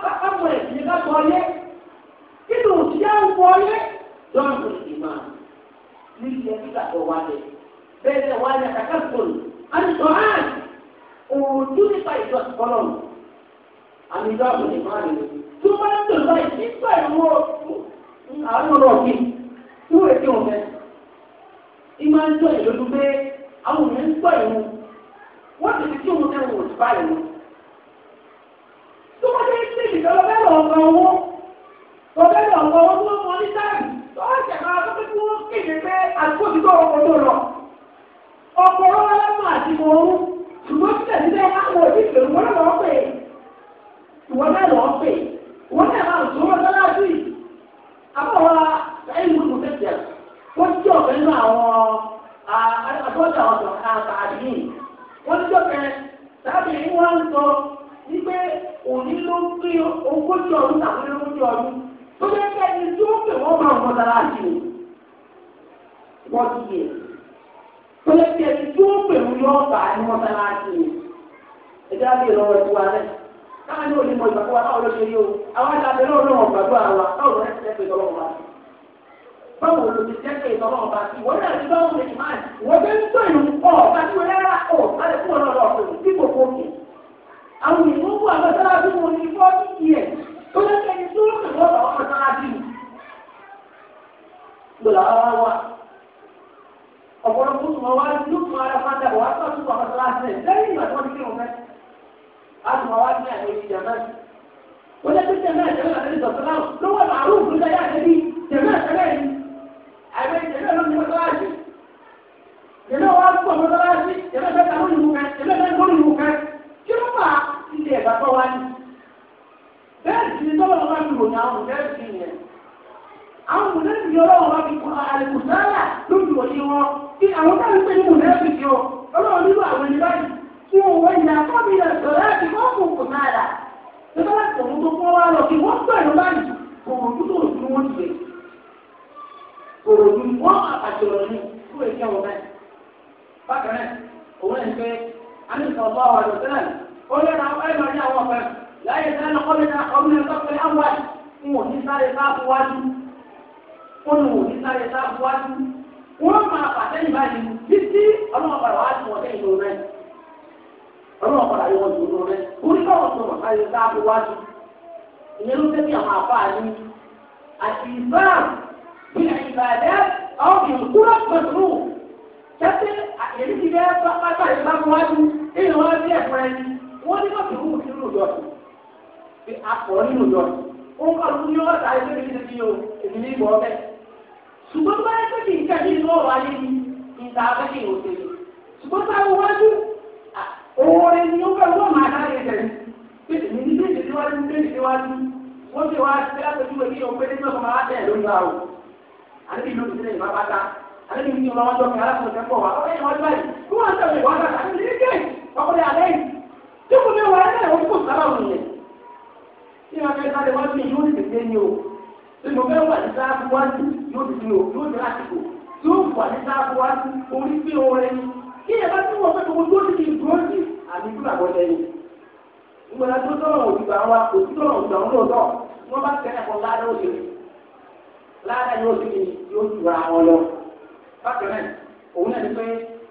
kámọ̀ ẹ̀sìn lágbọ̀ ọyẹ́ nínú òṣìṣẹ́ àwùjọ ọyẹ́ lọ́rùn ìmọ̀ ní ilé títà tó wà lẹ̀ bẹ́ẹ̀ lẹ̀ wà lẹ̀ kàkà fún àtìsọ hàn òòjú nípa ìjọ ìfọlọ́ àmì ìjọ àwọn ìmọ̀ rẹ̀ tó bá ń tòlá ìdíkọ̀ ìwọ àwọn ọ̀rọ̀ mi tó tó bá dé sí ìjọba bẹ́ẹ̀ lọ ọ̀gá owó wọ́n kéde pé àdúgbò wípé òní ló ń pín ogójì ọdún tàbí ogójì ọdún tó jẹ́ pé ẹni tí ó pè wọ́n máa ń láti wọ́n ti yẹ tó jẹ́ ẹni tí pè wọ́n yọ ni wọ́n láti ní òní mọ ìgbàgbọ́ wa o àwọn àgbàdo náà ló gbàgbọ́ àwa wa báwo ló ti jẹ́ ti àwọn ìlú wà mọ́sálásí wọn ní fọ́ọ̀tì tiẹ̀ tó lẹ́sẹ̀ ní tó lọ́sẹ̀ wọ́n bá wọn mọ́sálásí mi. gbọ́dọ̀ ara wa ọ̀pọ̀lọpọ̀ tó wá ló fún ara fún àdàbọ̀ wá tó wà mọ́sálásí rẹ̀ lẹ́yìn ìgbà tó ń kí wọn fẹ́. a tún wá ní àwọn èyí jàmbá yìí. ó lẹ́sẹ̀ jàmbá yìí jàmbá yìí dọ̀tọ̀ náà ló wà máa rúùkú dáyà lẹ́bí jàmbá yìí àgbẹ̀ jàmbá ló ní mọ́sálásí. jàmbá wa kú kí ló fà á ilé ẹ̀gbà tó wá ní. bẹ́ẹ̀ sì ni tọ́lọ́ bá fi ròyìn àwọn òṣèré sí yẹn. àwọn òṣèré sí yẹn ọlọ́wọ́ bá fi kọ́ àlùkò sáárà lójú òye wọn kí àwọn táwọn pè ní òṣèré sí yẹn ọlọ́wọ́ nínú àwọn ẹni báyìí tí wọ́n wọ ìyá tó mi lọ sọ̀rọ̀ láti wọ́n kò kò náà rà. lọ́wọ́ láti ọ̀hún tó kọ́ wá lọ kí wọ́n pẹ̀lú báyìí àníṣe ọ̀gbọ́ àwọn àdùsẹ́lẹ̀ àti ìbáà bí kúrò pẹ̀lú tẹ́tẹ́ èyí ti bẹ́ẹ̀ bá pátá yìí bá mú wájú èyí wọ́n ti ẹ̀fọn ẹni wọ́n ní lọ́sùn wù sí lùdọ̀ sí apọ̀ nínú lọ òun kọ́ ló ní ọ̀tá ẹgbẹ́ mi níbi o èmi ní ìbọn bẹ́ẹ̀ ṣùgbọ́n bá ẹgbẹ́ kì í kẹ́kẹ́ inú ọ̀rọ̀ ayé ni ìta abẹ́kẹ́ ìwòsàn yìí ṣùgbọ́n táwọn wájú owó rẹ ni ó fẹ́ wọ́n máa dá ẹ̀jẹ̀ mi èmi ní bẹ́ẹ̀ ti wájú bẹ́ẹ̀ ti wájú wọ́n ti wá àti ní ìwà ọjọ́ kan aláṣọ kẹ́kọ̀ọ́ wa ọ̀rẹ́ ìwà ọjọ́ yìí kí wọ́n sọ̀rọ̀ ìwà ọjọ́ àti ní kéè ọkùnrin àlẹ́ yìí tí kò ní wà ẹ́ òun kò sára òun yẹn tí wọ́n fẹ́ sáré wọ́n o tí mo fẹ́ wà ní sáàbù wá sí yóò o yóò tètè lásìkò tí ó wà ní sáàbù wá sí orí pé orin kí ẹ bá tún wọ́n fẹ́ gbogbo yóò tètè dúró sí àmì ìdúrà bọ́lẹ̀ yìí ìgbàlá tó tọ̀rọ̀ òdìgbà wa kò tí tọ̀rọ̀ òdìgbà wọn lọ́dọ̀ wọ́n bá tẹ̀lé ẹ̀kọ́ ládàá òṣèlú ládàá wọn lọ. bákan náà òun náà ti pé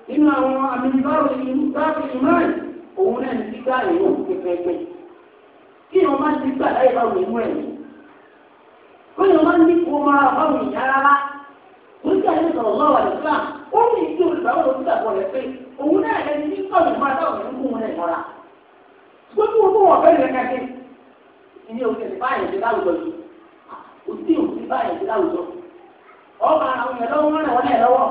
nínú àwọn amíníbáwò ìmúbáwò ìmáì òun náà ti gbá èèyàn pẹpẹpẹ kí wọn má ti gbà láyé báwo ìmú ẹ̀ wọ́n yóò máa ń dínkù ọmọ ara ìyá rárá orí ká yẹn sọ̀rọ̀ lọ́wọ́ àdúrà ó ní ìdí olùdáwọ̀ ló rẹ̀ pé òun náà sọ̀rọ̀ gbogbo owó wọn fẹ́ rẹ̀ kẹ́kẹ́ ti ọba àwọn èèyàn lọ́wọ́ wọn lọ́wọ́ lọ́wọ́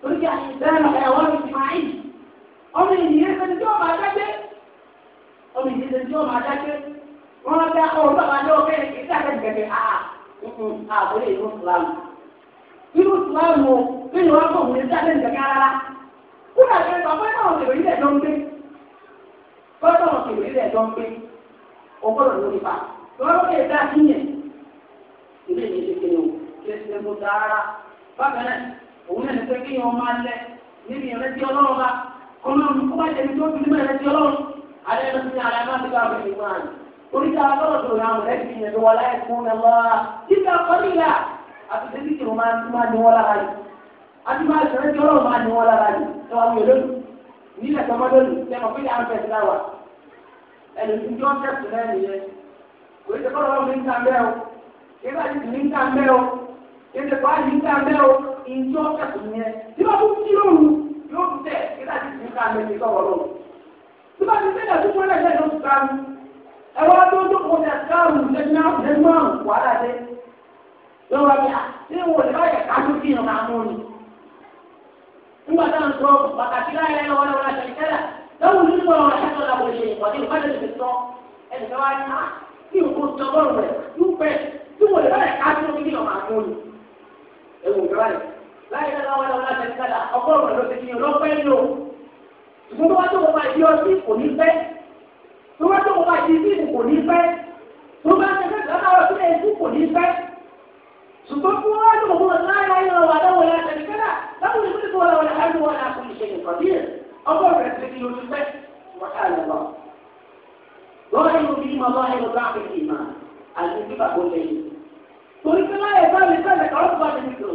torí kí àyè bẹ́ẹ̀ lọ́wọ́ ẹ̀wọ́ mi ti máa yìí ọmọ ènìyàn ṣe tí ọba adájẹ́ ọmọ ènìyàn ṣe tí ọba adájẹ́ wọn lọ bá ọ̀rọ̀ bàbá lọ́wọ́ bẹ́ẹ̀ kí ká fẹ́ gẹ̀gẹ̀ à àbúrò ìlú sùlámù ìlú sùlámù nínú wọn kò wọlé sí alẹ́ ìjẹ̀kẹ́ rárá kúrò àti ẹ̀ka ọ̀pẹ́ náà kèrè ilẹ̀ tó ń gbé gbọ́dọ̀ kèrè ilẹ̀ tó ń gbé ọgbọ́dọ̀ lórí pa lọ́wọ́ kèrè dá sí yẹn ìlú ìlú ṣe mo sàárà bákan náà òun náà ní pé kéèyàn máa lẹ níbi ìrẹsì ọlọ́run bá kọlọ́run kó bá jẹ́ ní tó fi níbi ìrẹsì ọlọ́run alẹ́ ló ti ara máa ti bá wọlé ìwọ̀n àná oríṣà ọlọ́run tó ra àwọn ẹ̀sìn ìyẹn tó wà láì fún ẹ lọ́wọ́ títà kọ́lìlà àti tẹ́lẹ̀ tí mo máa ní wọ́n lára yìí àti máa ṣẹlẹ̀ tí ọlọ́run máa ní wọ́n lára yìí ẹ wà wíyọ lónìí nílẹ̀ tọmọdọ́lù tẹmọ pé à ń fẹ́ síláwà ẹlòmíì tí wọ́n tẹ̀sùn náà nìyẹn kò ní sẹ́kọ̀ọ́ lọ́wọ́ mi ń ta mẹ́ o ìgbà tí mi ń ta mẹ́ o ẹsẹ̀ bá yìí ká mẹ́ o ìjọ kẹsàn yẹn tí wọ́n tún kí lóru yóò tún tẹ̀ kí láti tún ká mẹ́ ti sọ̀rọ̀ lọ. tí wọ́n ti tẹ́lẹ̀ tó fún ẹlẹ́sẹ̀ tó ká mi ẹ̀rọ tó tó kọ ní àkáàrù lẹ́gbẹ̀rún lẹ́gbẹ̀rún wàhálà dé. lọ́wọ́ bí a ṣé wò lè bá yẹ ká tó fi hàn máa mú ni. nígbà táwọn sọ wákàtí láyé lọ́wọ́ lọ́wọ́ láti ṣẹlẹ̀ lọ́wọ́ nínú ọ̀rọ̀ ẹ̀ṣọ́ làwọn ṣe ìpàdé ìbálẹ̀ ti sọ ẹnì kan wá ní à kí n kò jọ bọ́ọ̀lù rẹ̀ lúpẹ́ tí wò lè bá yẹ ká tó fi hàn máa mú ni ewu ìjọba yìí láyé náà láwọn ẹ̀rọ láti ẹ̀ka dà ọgọ́rùn-ún ló ti fi ọlọ́pẹ́ lò ṣùgbọ́n tó bá tó wọn bá yí ọtí kò ní fẹ́ tó bá tó wọn bá yí bíìmù kò ní fẹ́ tó bá tó fẹ́ gbàgbà ọtí lè kú kò ní fẹ́ ṣùgbọ́n fún wọn tó wọn láyé láyé náà wà láwọn ẹ̀rọ láti ẹ̀ka dà láwọn ìlú tó wọn làwọn ẹ̀rọ wọn àkùn ìṣẹ̀lẹ̀ kọ̀dí ọgọ́rùn-ún ló ti fi ọlọ́pẹ́ wọ́n ká lọ́ torí pé láyé bá mi sẹ́lẹ̀ kọ́ ọ́n bá wa nígbà tí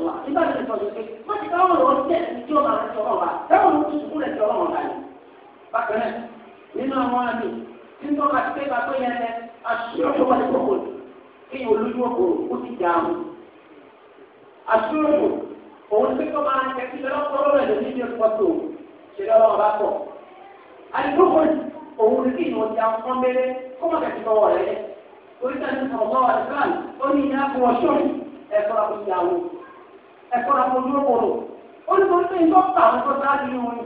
mo sọ pé má ti ká ọ̀rọ̀ tẹ̀ ní tí ó máa sọ wa táwọn ohun tuntun rẹ̀ sọ ọ̀rọ̀ wa bákan náà nínú àwọn àmì tí wọ́n bá ti pé bá pé yẹn lẹ aṣọ́ọ̀tò wà ní kòkò kí olójú ọkọ̀ ó ti dà mú. aṣọ́ọ̀tò òun pé kọ́ máa jẹ́ kí lọ́kọ́rọ́ rẹ̀ lórí ilé oríṣiríṣi ní ọ̀gbọ́n wa nìkan ó ní iná fún ọṣọ́ ẹ̀kọ́ àkójọyàwó ẹ̀kọ́ àkójọpọ̀lọ̀ ó ní torí pé ìjọ pa àwọn tó dájú ní wọn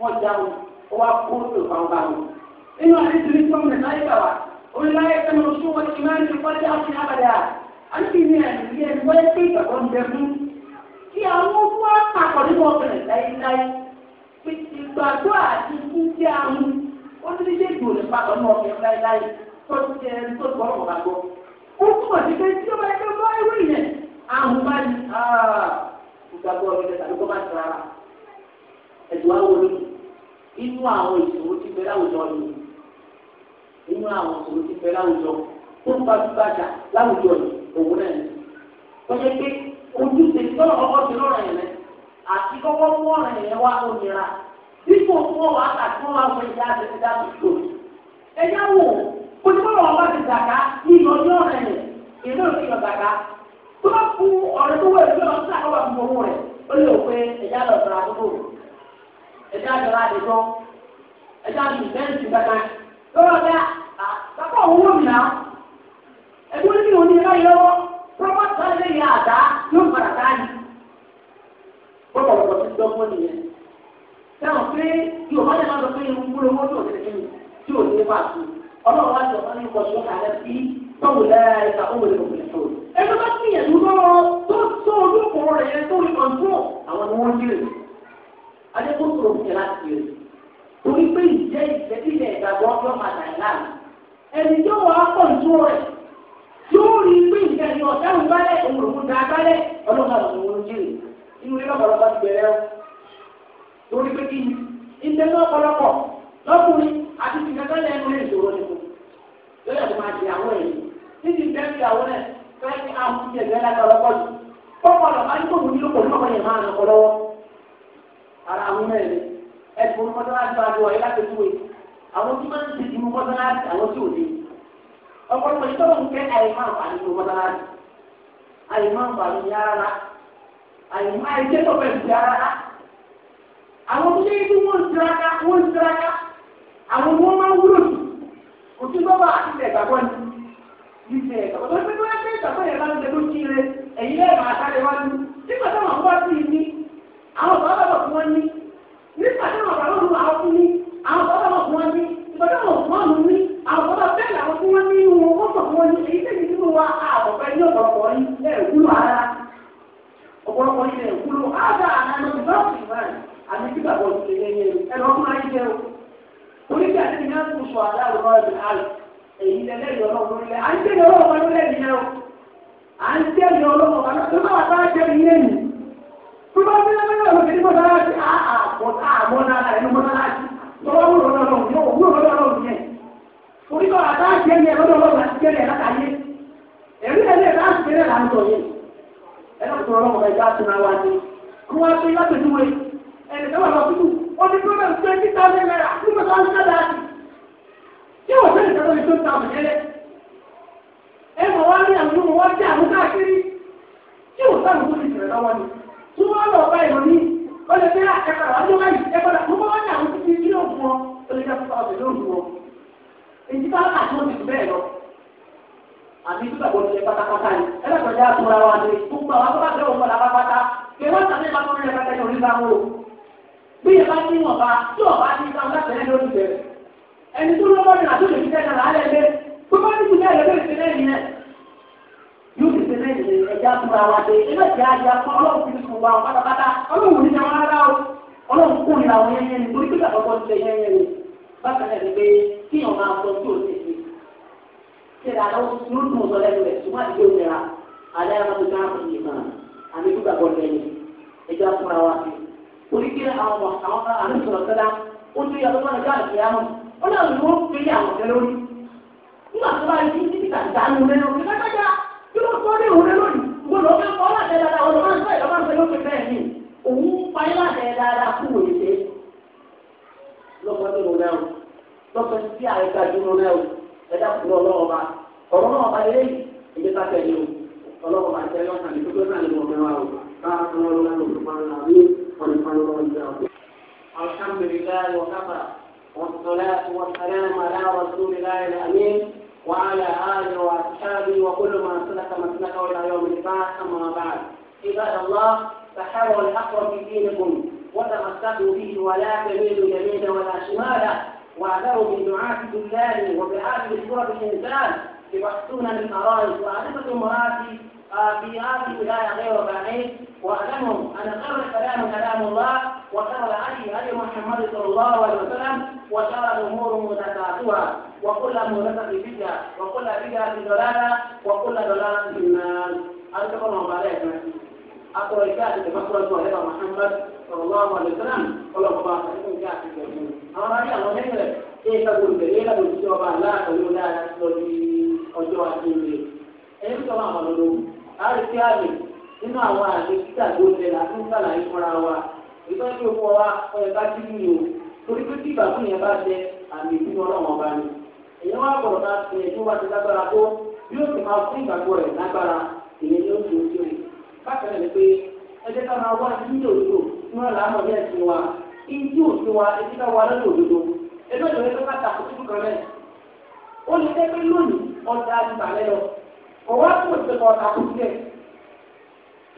wọn já wọn ó wá kó lè fà wọn bá wọn. inú àdéhùn ní sọ́mu nìkan yìí bàbá orí láyé sẹ́nu oṣù wọn ti máa ń ṣe kọ́lé àti abàdà àti ní ẹ̀yìn ẹ̀yìn wọ́n ti ìgbàgbọ́ ń bẹ fún kí àwọn ó ti tó ti jẹ ẹni tó gbọ́ ọ̀rọ̀ gbàgbọ́. ó túmọ̀ sí pé tí ó bá yẹ kó bá irú ìyẹn àrùn bá ní ìgbàgbọ́ ọ̀rẹ́ tàbí kó má ti rárá. ẹ̀dùn àwọn olóyún inú àwọn ìṣòro ti bẹ láwùjọ ni inú àwọn ìṣòro ti bẹ láwùjọ tó ń gbajúgbajà láwùjọ ni òun náà ni. wọ́n yẹ pé ojúṣe tó ọkọ̀ ti lọ́rọ̀ yẹn lẹ́ àti kọ́kọ́ mú ọ̀rọ̀ yẹn wá òmìnira dípò fún ọ̀wá àti fún ọ̀wá fún ìyá àti ìdá tó ṣòro. ẹ̀yà wò kò sí ti dàgbà yíyọ ní ọ̀rẹ́ rẹ̀ èmi ò yọ dàgbà tó bá ku ọ̀rẹ́ tó wọ̀ ẹ̀mí ọ̀rẹ́ àkọ́wà fún owó rẹ̀ ó lè wò pé ẹ̀já lọ sọ̀rọ̀ àdúgbò ẹ̀já jọra àdìgbò ẹ̀já mi bẹ́ẹ̀ntì gbàgbà lọ́wọ́ bá bàbá òun wọ̀ mí náà ní òun ẹ̀rọ yìí lọ́wọ́ pọ́pọ́tà lè yà àdá yóò padà sáyé pọ́pọ́tà ti dọ́gbọ́n nìyẹn sẹ́wọ̀n pé Yorùbá yẹn máa lọ ọlọ́run wá jọ fún ìkọ̀ ṣọ́ àlẹ́ sí tọ́wù láìka ó wèlé òkè tó. ẹni bá gbìyànjú lọ́wọ́ tó tó olókòwò rẹ̀ yẹn tó ìkọ̀ǹtò àwọn ni wọ́n jèrè. adékòtò òkè láti jèrè. torí pé ìjẹ́ ìjẹ́sílẹ̀ ìgbàgbọ́ yọ máa dà láàmú. ẹni tó wà á pọ̀ ju rẹ̀ yóò rí pé ìjẹ́ni ọ̀dáhùn bálẹ̀ òmùrùkù dá bálẹ̀ ọlọ́run àwọn ni wọ́n jèrè. inú ilé ọ̀pọ̀lọpọ̀ ti bẹ̀rẹ̀ lórí pé kí ni ìtẹ́lẹ́ lórí ẹ̀kọ́ máa di àwọn èyí títí bẹ́ẹ̀ fi àwọn ẹ̀ fẹ́ẹ́ ní àwọn ìjẹ̀ bẹ́ẹ̀ lágbára pọ̀ jù pọ́pọ́ lọ máa ń tó wù nílò pẹ̀lú ọmọ yẹn máa nà kọ́ lọ́wọ́ ara àwọn mẹ́rin ẹ̀sùn mọ́tọ́láṣí bá lọ ayé láti túwèé àwọn tí máa ń ti ìmú mọ́tọ́láṣí àwọn tí ò dé ọ̀pọ̀lọpọ̀ àwọn tó yẹ kí wọ́n ń tiraka wọ́n ń tiraka àwọn wọ́n máa ń wúlò sí òtún bá bá àti ìgbàgbọ́ ni ìgbà ìgbàgbọ́ tó ń pẹ́ wá ìgbàgbọ́ yẹn láti ṣe ló kí rẹ ẹ̀yin lẹ́ẹ̀ máa wá ní nígbà táwọn wá sí ní àwọn bàbá bàbá fún wọn ní nígbà táwọn bàbá fún wọn fún ní àwọn bàbá bàbá fún onígbà tí iná kù sọ aláwọ̀ náà lè hàlù èyí lẹ́lẹ́yìn ọlọ́run lórí lẹ́ à ń tẹ̀lé ọlọ́run wọn lórí ẹ̀yìn náà à ń tẹ̀lé ọlọ́run wọn lórí ẹ̀yìn náà tó bá tẹ̀lé ilé mi tó bá tẹ̀lé ọlọ́run wọn lórí ẹ̀yìn náà láti àmọ́ àmọ́ náà ẹnu mọ́ náà láti tọ́wọ́ wúlò ọlọ́run yẹn òwúrò ọlọ́run yẹn onígbà wà láti tẹ̀lé ọlọ́run láti tẹ̀lé látàyé ẹ̀rí ẹ̀lẹ́ láti tẹ̀lé làǹtọ̀ yẹn ẹ̀rọ tó ọlọ́run ẹ̀ onígbọ́nà twenty thousand naira nígbà tó ń sọ́dọ̀ àti tí wọ́n fẹ́ẹ́ sọ́dọ̀ ní twenty thousand yẹn lẹ. ẹ mọ̀ wá ní àwọn ọmọ wọn jẹ́ àwọn káàkiri tí wọ́n sábà tó ti bẹ̀rẹ̀ lọ́wọ́ ni. tí wọ́n lọ bá ìrọ̀ ní ọlẹ́ bí ẹ̀kọ́ra ọdún báyìí ẹ̀kọ́ra mo máa ń ní àwọn títí kí ló ń fún ọ ọlẹ́ bí ẹ̀kọ́ra ọdún ló ń fún ọ. èyí bá wà tó ti bẹ́ẹ̀ lọ. àbí tó bàbá ọdún yẹn pátápátá ni ẹlẹ́kọ̀ọ́ bí ìyá bá ní ìwọ̀nba tí ọ̀bá ní ìgbà wọn tẹ̀lé lórí bẹ̀rẹ̀ ẹni tó lọ́wọ́ ní àtúntò ti tẹ̀lé lálẹ́ lé tó bá ní ti bẹ́ẹ̀ lọ́wọ́ yóò ti ẹja fúnra wa dé ti àjà fún ọlọ́run fún wa pátápátá ọlọ́run ní rárá o ọlọ́run ní àwọn yẹn yẹn pípa àkọ́kọ́ ti yẹn yẹn ni bákan pé kí sọ ti ṣe dáadáa ó ti lẹ́nu rẹ̀ torí kí àwọn àwọn àlùsọ̀rọ̀ sọ́dá ó tún yàtọ̀ mọ́ni káàkiri àmọ́ ó náà ló ń fi àwọn ọ̀fẹ́ lórí nígbà tó bá yẹ kí títí kà dánú lé lórí kájájá kí ló sọ ní òun lórí wọn lọ fẹ́ kọ́ láti ẹ̀dá wọn lọ máa ń sọ ìjọba ń sọ lókè bẹ́ẹ̀ ni òun parí láti ẹ̀dá dáa kú wò ṣe lọ́sọ̀tò lónà ẹ̀wò lọ́sọ̀ tí àìgbà ju lónà ẹ̀wò ẹ̀dá kúrò ọlọ́ọ̀ba ọ̀rọ̀ náà ọba lélẹ́yìn o ọlọ́ọ̀ba tẹ̀lé الحمد لله وكفى والصلاة والسلام على رسول الله الأمين وعلى آله وأصحابه وكل من سلك مسلكه إلى يوم البعث أما بعد عباد الله فحروا الحق في دينكم وتمسكوا به ولا تميلوا يمينا ولا شمالا واعذروا من دعاة الله وبعاده سورة الإنسان يبحثون عن الأرائك وعرفة مراتي في هذه الآية غير بعيد واعلموا أن خير كلام كلام الله وخير الهدي علي محمد صلى الله عليه وسلم وشر الأمور محدثاتها وكل محدثة بدعة وكل بدعة ضلالة وكل ضلالة في النار أرجوكم الله عليكم أقول لك أن مخرج محمد صلى الله عليه وسلم ولا مبارك لكم كافي كريم أنا رأي الله نعمل كيف أقول دليل أقول سيوبا لا تقول لا تقول أجوا أجوا أجوا أجوا أجوا àrísí àmì nínú àwọn àmì títà tó ń tẹ̀lé àti sàlàyé fúnra wa ìgbọ́n tí owó wa ọ̀yẹ̀ bá ti yìí o torí pé tí yẹn bá àmì ọlọ́wọ́n bá ní. wá bọ̀rọ̀ náà ti ti lágbára tó bí ó máa fún ìgbàgbọ́ rẹ̀ lágbára ló ń tó tó rẹ̀. ni pé ká ọ̀wá tó ń sèkọ̀ ọ̀tàkùn sílẹ̀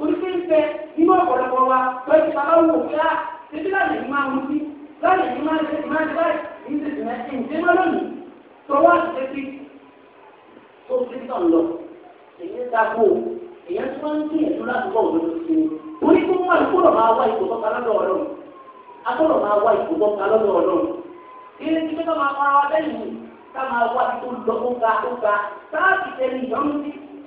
oríṣi ń bẹ nínú ọ̀pọ̀lọpọ̀ wa pẹ̀lú bàbá wò pé á títí láti ní máa mutí láti ní máa ṣe máa ṣe báyìí ní tètè náà ẹ̀ ń dé mọ́ lónìí tọwọ́ àṣẹ ti tó ti tàn lọ èyí dàgbò èyí tó máa ń gbìyànjú láti bọ̀ lórí sí i orí tó máa gbọ́dọ̀ máa wá ipò tọ́ka lọ́dọ̀ ọlọ́run agbọ́dọ̀ máa wá ipò tọ́ka lọ́dọ̀ ọlọ́run ilé ti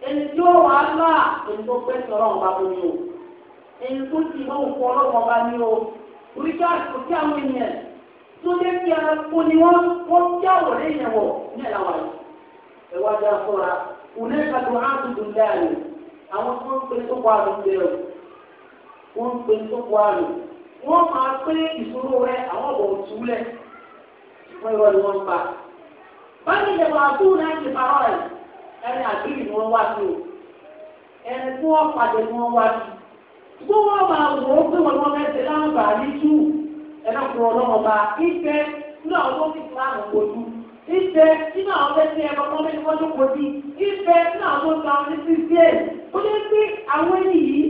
ẹnití ó wà lá ẹnití ó pẹ́ sọ̀rọ̀ ọ̀gá bó ni o ẹnití ó ti wọ́n kọ́ ọlọ́wọ́ bá ni o richard kò kí àwọn ènìyàn tó dé kí ara kó ni wọ́n wọ́n kí àwọ̀ lẹ́yìn ẹ̀wọ̀ ní ẹ̀la wà yìí ẹ wá já sọ́ra òun náà ká tó á tó dùn dáàlì àwọn tó ń pè tó kọ́ àrùn bẹ̀rẹ̀ wọ́n ń pè tó kọ́ àrùn wọ́n máa pé ìṣòro rẹ àwọn ọ̀bọ̀ òtúlẹ̀ wọ́n ìrọ̀ ni wọ́n ń pa báyìí ìjọba àtúwò ẹni àgbèrè ni wọ́n wá sí o ẹni tí wọ́n pàdé ni wọ́n wá sí ṣùgbọ́n wọ́n máa wò ó pé wọ́n fẹ́ ṣe láǹbà ní tú ẹ̀dọ́kùn ọlọ́wọ́ bá ìfẹ́ nínú àwọn tó ti fún àrùn ojú ìfẹ́ nínú àwọn tó ti ẹ̀kọ́ tó ti fọ́jú kojú ìfẹ́ nínú àwọn tó ti àwọn ní sísè ó lé pé àwọn ẹni yìí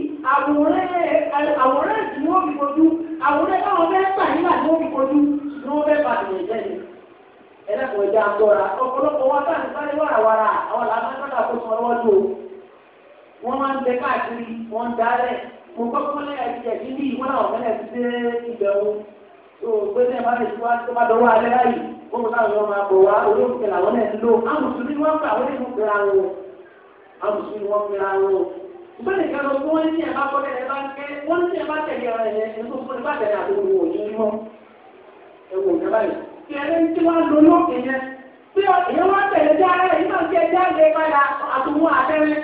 àwòrán ẹ̀sìn ni wọ́n fi kojú àwòrán ẹ̀kọ́ wọn fẹ́ gbà nígbà tí wọ́n fi kojú ṣùgbọ́n wọ́n fẹ́ bàtìmọ̀ ìjẹ́ ẹlẹ́kọ̀ọ́ ìjà ń ọ̀pọ̀lọpọ̀ wọn sáà ń sáré wàràwàrà àwọn làwọn sábà kó sọ lọ́wọ́ tó wọ́n máa ń bẹ káàkiri wọ́n ń darẹ̀ mo gbọ́ pé wọ́n ẹ̀jẹ̀ níbí wọ́n náà fẹ́lẹ̀ ti dé ibẹ̀ o tó gbé ní ẹ̀fọ́ àti tó bá dọwọ́ alẹ́ báyìí wọ́n mú káwọn ọmọ àbọ̀ wá olóògùn làwọn náà ti lò àwọn mùsùlùmí wọ́n fẹ́ àwọn èèyàn fẹ́ra wọn àwọn wọ́n fẹ́ra wọn bẹ́ẹ̀ nìkan lọ fún kẹ́ wọ́n ní ẹ̀bá tẹ̀lé ọ̀rẹ́ yẹn ẹ̀sùn fún ẹ̀bá tẹ̀lé àbúrò wò ní mímọ́ ẹ̀wò ìjọba yìí. kẹrin tí wọ́n lo lókè yẹn tí èyí wọ́n tẹ̀lé jáde èyí náà jẹ́ jáde padà àtúnwò àtẹ́rẹ́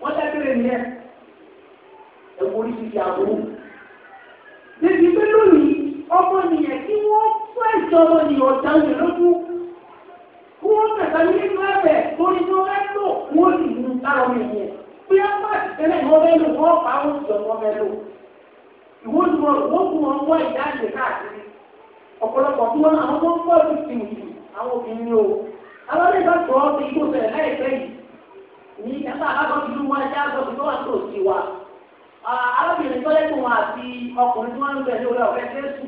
wọ́n tẹ́tẹ́rẹ́ nìyẹn ẹ̀wọ̀n oríṣiríṣi àbúrò. lónìí ọmọ nìyẹn ní kí ní tí lò sì mú ọ̀pọ̀lọpọ̀ tí wọ́n àwọn tó ń pọ̀ sí tìǹtì àwọn obìnrin o alọ́lẹ̀ bá tọ́ ọ́ sí igbó bẹ̀rẹ̀ láìpẹ́ yìí ní ẹ̀ka alábọ̀dúdú wọn ẹ̀ka alábọ̀dúdú wọn tó ti wà arábìnrin tó lẹ́kùn wọn àti ọkùnrin tí wọ́n ń bẹ̀rẹ̀ lórí ọ̀fẹ́ jésù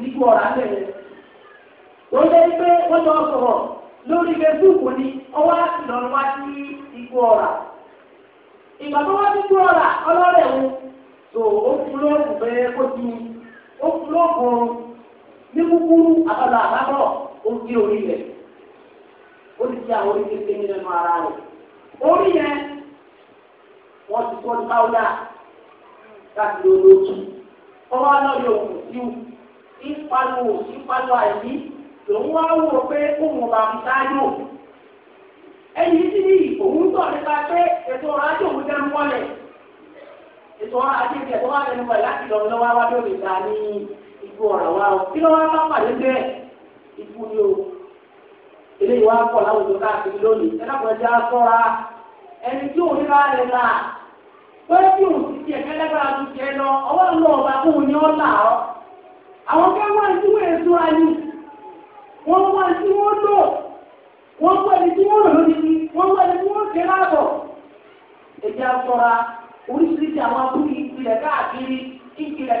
nígbà ọ̀rá bẹ̀rẹ̀ ó lé pé wọ́n jọ sọ̀rọ̀ lórí facebook ni ọwọ́ àti lọ́nà wá sí igbó ọ̀rá ìgbà tó wá sí igbó ọ̀rá ọlọ́rẹ̀ wọn tó ó fún lóògùn bẹ́ẹ̀ kó ti ó fún lóògùn ní kúkúrú àbálà àbábọ̀ ó gé orí rẹ̀ ó ti di àwọn orí kékeré nínú ara rẹ̀ orí yẹn wọ́n ti kọ́ táwọ́dà láti lọ lójú ọwọ́ aláwọ̀ òkú sí wù ìpalù ìpalù àìní lòun wá wò pé òun bá ń dájò ẹni tí ní òun tọ̀ nípa pé ètò ọ̀rọ̀ ajé òun dẹnu wọlé ètò ọ̀rọ̀ ajé ìjẹ̀bọ́ wà lẹ́nu wẹ̀ láti lọ́wọ́ wá wá lórí ìgbà ní. ikú ọ̀ràn wa o kí ló wá bá pàdé bẹ́ẹ̀ ikú ni o eléyìí wá pọ̀ láwùjọ káàkiri lónìí ẹ dákun ẹni tí òun nípa rẹ̀ là òun ti tiẹ̀ kẹ́lẹ́gbàá tiẹ̀ lọ ọwọ́ kó ọ́ là ọ́ àwọn wọ́n ayé wọ́n wọ́n wọ́n lò wọ́n wọ́n ẹni tí wọ́n lò lónìí wọ́n wọ́n ẹni tí wọ́n kẹ́ láàbọ̀ ẹja sọ́ra oríṣiríṣi àwọn abúlé ìpìlẹ̀ káàkiri ìpìlẹ̀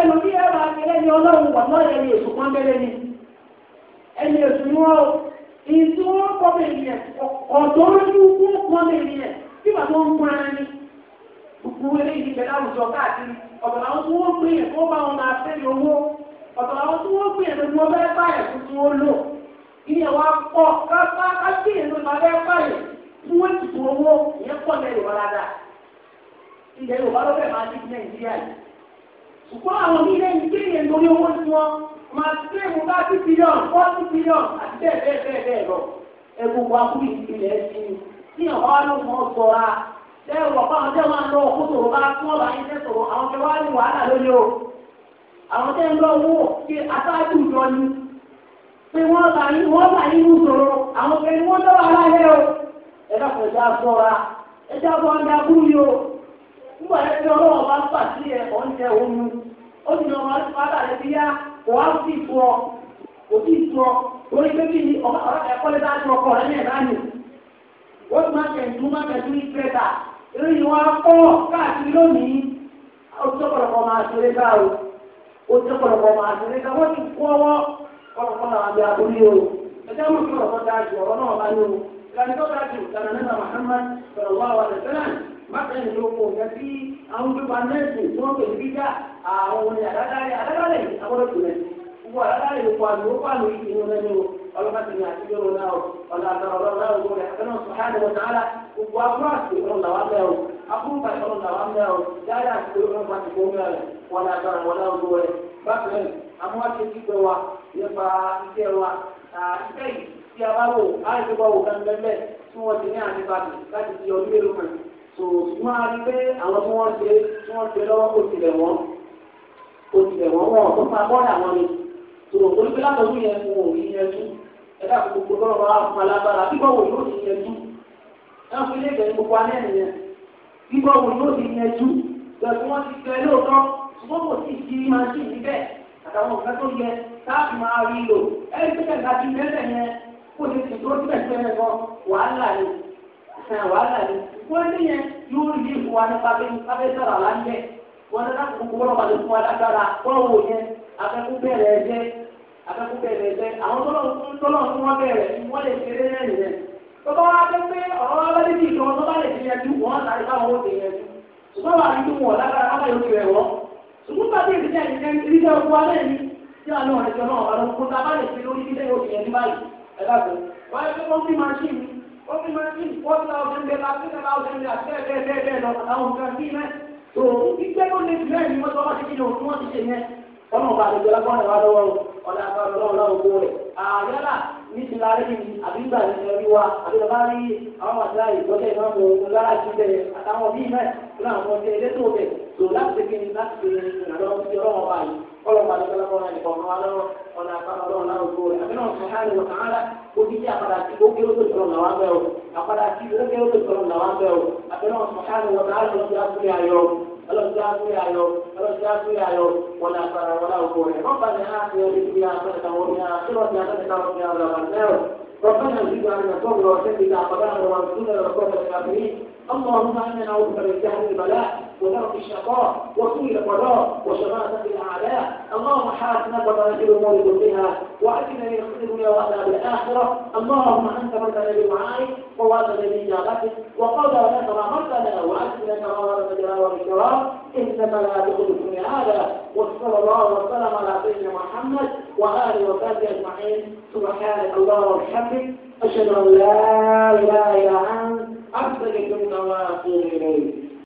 ẹlòmíì ẹ máa fi lẹ́ni ọlọ́run wà lọ́yẹ̀ ẹni èso kan bẹ́rẹ̀ ni ẹni èso ni wọ́n ìtú wọn kọ́ bẹ̀rẹ̀ yẹn ọ̀dọ́ ojú wọn kọ́ bẹ̀rẹ̀ yẹn bí bàbá wọn kọ́ ara ni gbogbo àwùjọ káàkiri wọ́n bá wọn máa fẹ́ wọ́n báyẹ̀ tuntun ó lò ìyẹn wa pọ̀ ṣùgbọ́n àwọn ilé ní kéèyàn lórí owó tí wọ́n máa ṣe mú láti bílíọ̀nù fọ́tí bílíọ̀nù àti bẹ́ẹ̀ bẹ́ẹ̀ bẹ́ẹ̀ bẹ́ẹ̀ lọ. wa kú ìpìlẹ̀ i tí ọ̀hún ló mọ̀ ọ́ fáwọn tẹ́ wọn lọ kó ụba bá tún ọ̀rọ̀ ayé tẹ́ àwọn tẹ́ wá ní wàhálà lónìí o. àwọn tẹ́ ń lọ ṣe aṣáájú ni pé wọ́n bá yín nígbà tí ọlọ́wọ́ bá fà sí ẹ oúnjẹ omi ó ti ọmọ fada rẹ ti yá kò wá sí ìtú ọ kò sí ìtú ọ lórí pé kí ni ẹ̀kọ́lẹ́ bá tún ọkọ rẹ ní ẹ̀dá nì ó ti má kẹ̀ntú má kẹ̀ntú ní pẹ́ẹ́tà eré yìí wọ́n á kọ́ káàkiri lónìí ó ti ọ̀pọ̀lọpọ̀ máa ṣeré ká o ó ti ọ̀pọ̀lọpọ̀ máa ṣeré ká wọ́n ti kú ọwọ́ kọ́lọ̀kọ́lọ̀ àwọn àbí abúlé bákan ní oko ọ̀gá sí àwọn tó bá nẹ́ẹ̀sì tí wọ́n pèsè bíjà àwọn ọmọ yàrá dáre àdáre àwọn ọ̀dùnmẹ̀ gbogbo àdáre ìlú pàlù ó pàlù ìlú lẹ́nu ọlọ́pàá ti ní àtijọ́ ọ̀la ọ̀la ọ̀la ọ̀gbọ̀n rẹ̀ àtẹnà sọ̀hánì wọn tààlà gbogbo akúrò àti ìrọ̀rùn làwọn mẹ́ o akúrò àti ìrọ̀rùn làwọn mẹ́ o dáadáa àti ìrọ̀rùn àti ìfowó mẹ́ rẹ̀ wọn làgbára wọn a bá wò á ìdúgbò wò kánbẹ́ńbẹ́ tí wọ́n ti ní àdìbàdì láti fi ọdún mélòó tó máa rí pé àwọn tí wọ́n ṣe tí wọ́n ṣe lọ́wọ́ kò tilẹ̀ wọ́n kò tilẹ̀ wọ́n wọ́n tó máa bọ́ọ̀dà wọn ni tó o torí pé látọ̀dú yẹn fún òun yìí yẹn tú ẹ̀dá gbogbo lọ́rọ̀ wa fún alágbára bíbọ̀ wò yóò ti yẹn tú náà fi lè bẹ̀rẹ̀ gbogbo alẹ́ nìyẹn bíbọ̀ wò yóò ti yẹn tú gbẹ̀sí wọ́n ti gbẹ lóòótọ́ ṣùgbọ́n kò sí ìdí máa ṣì àtàwọn òfin tó yẹ wàhálà ni wọ́n ní yẹn yóò rí fún wa nípa bí abẹ́ sára la ń bẹ̀ wọ́n ní láti gbogbo wọn balẹ̀ fún wa lágbára wọ́n wò yẹn afẹ́kú bẹ̀rẹ̀ ẹ̀jẹ̀ afẹ́kú bẹ̀rẹ̀ ẹ̀jẹ̀ àwọn tọ́lọ̀ tí wọ́n bẹ̀rẹ̀ wọ́n lè ṣeré náà nìyẹn tọ́ba wa fẹ́ pé ọ̀rọ̀ wa bá débi ìjọba tó bá lè ṣe yẹn ju wọ́n sáré báwọn ó ṣe yẹn ju ṣùgbọ́n wà ní wọn lágbára wọn yóò tirẹ̀ wọ́n ṣùgbọ́n bá dé ìdílé ìdílé ìdílé ọkọ alẹ́ mi tí àwọn ọ̀rẹ́jọ náà wà lóko tá a bá lè ṣe lórí ìdílé òṣèlú fi máa ó fi máa ní four thousand naira three thousand naira bẹ́ẹ̀ bẹ́ẹ̀ bẹ́ẹ̀ bẹ́ẹ̀ lọ àwọn nǹkan sí iná tó gbígbé ló lè jù lẹ́yìn mọ́tò wọ́n ti fi lòun tí wọ́n ti ṣe yẹn ọlọ́run bá àlejò lágbọ́n rẹ̀ wá lọ́wọ́ ọ̀là àbáwọ̀ lọ́wọ́ lọ́wọ́ níbi la rí àbí gbà ní ọrí wa àbí lọ́ba rí àwọn àti láàyè lọ́tẹ̀ náà mo mo lára ti bẹ̀ àtàwọn míì náà nínú àwọn ọmọdé elétò bẹ̀ tó láti ṣe kíni láti ṣe ìrànlọ́wọ́ sí ọlọ́wọ́ wa yìí ọlọ́wọ́ adọ́kọ́lọ́kọ́ náà nìkan ọ̀nà alọ́ ọ̀nà àpárá ọlọ́run náà gbó rẹ̀ àbí náà sọ hàn ti jẹ́ àpárá tí ó kéré tó o àpárá tí ó kéré tó sọ̀rọ̀ làwọn bẹ́ẹ̀ o àbí náà sọ hàn wọ̀ sàhálà ó ti ọlọ́dún àti ayọ̀ ọlọ́dún àti ayọ̀ wọn náà fara wọn náà kó rẹ̀ wọ́n bá ní àti ẹni tí a fẹ́ ta wọn ní àtúrọ̀ ní àtúrọ̀ ní àwọn ọmọ ọmọ náà ربنا وانصرنا على القوم الكافرين اللهم انا نعوذ بك من جهل البلاء وترك الشقاء وسوء القضاء وشماتة الاعداء اللهم حاسنا وتنزل الامور كلها واعطنا من الدنيا وعذاب الاخره اللهم انت من كان بدعائك ووالد باجابتك وقضى لك ما مرت لنا واعطنا كما ورد لنا والكرام انك لا تخلف من هذا وصلى الله وسلم على سيدنا محمد اله وصحبه اجمعين سبحانك اللهم وبحمدك اشهد ان لا اله الا انت أحسن كنا ما أقول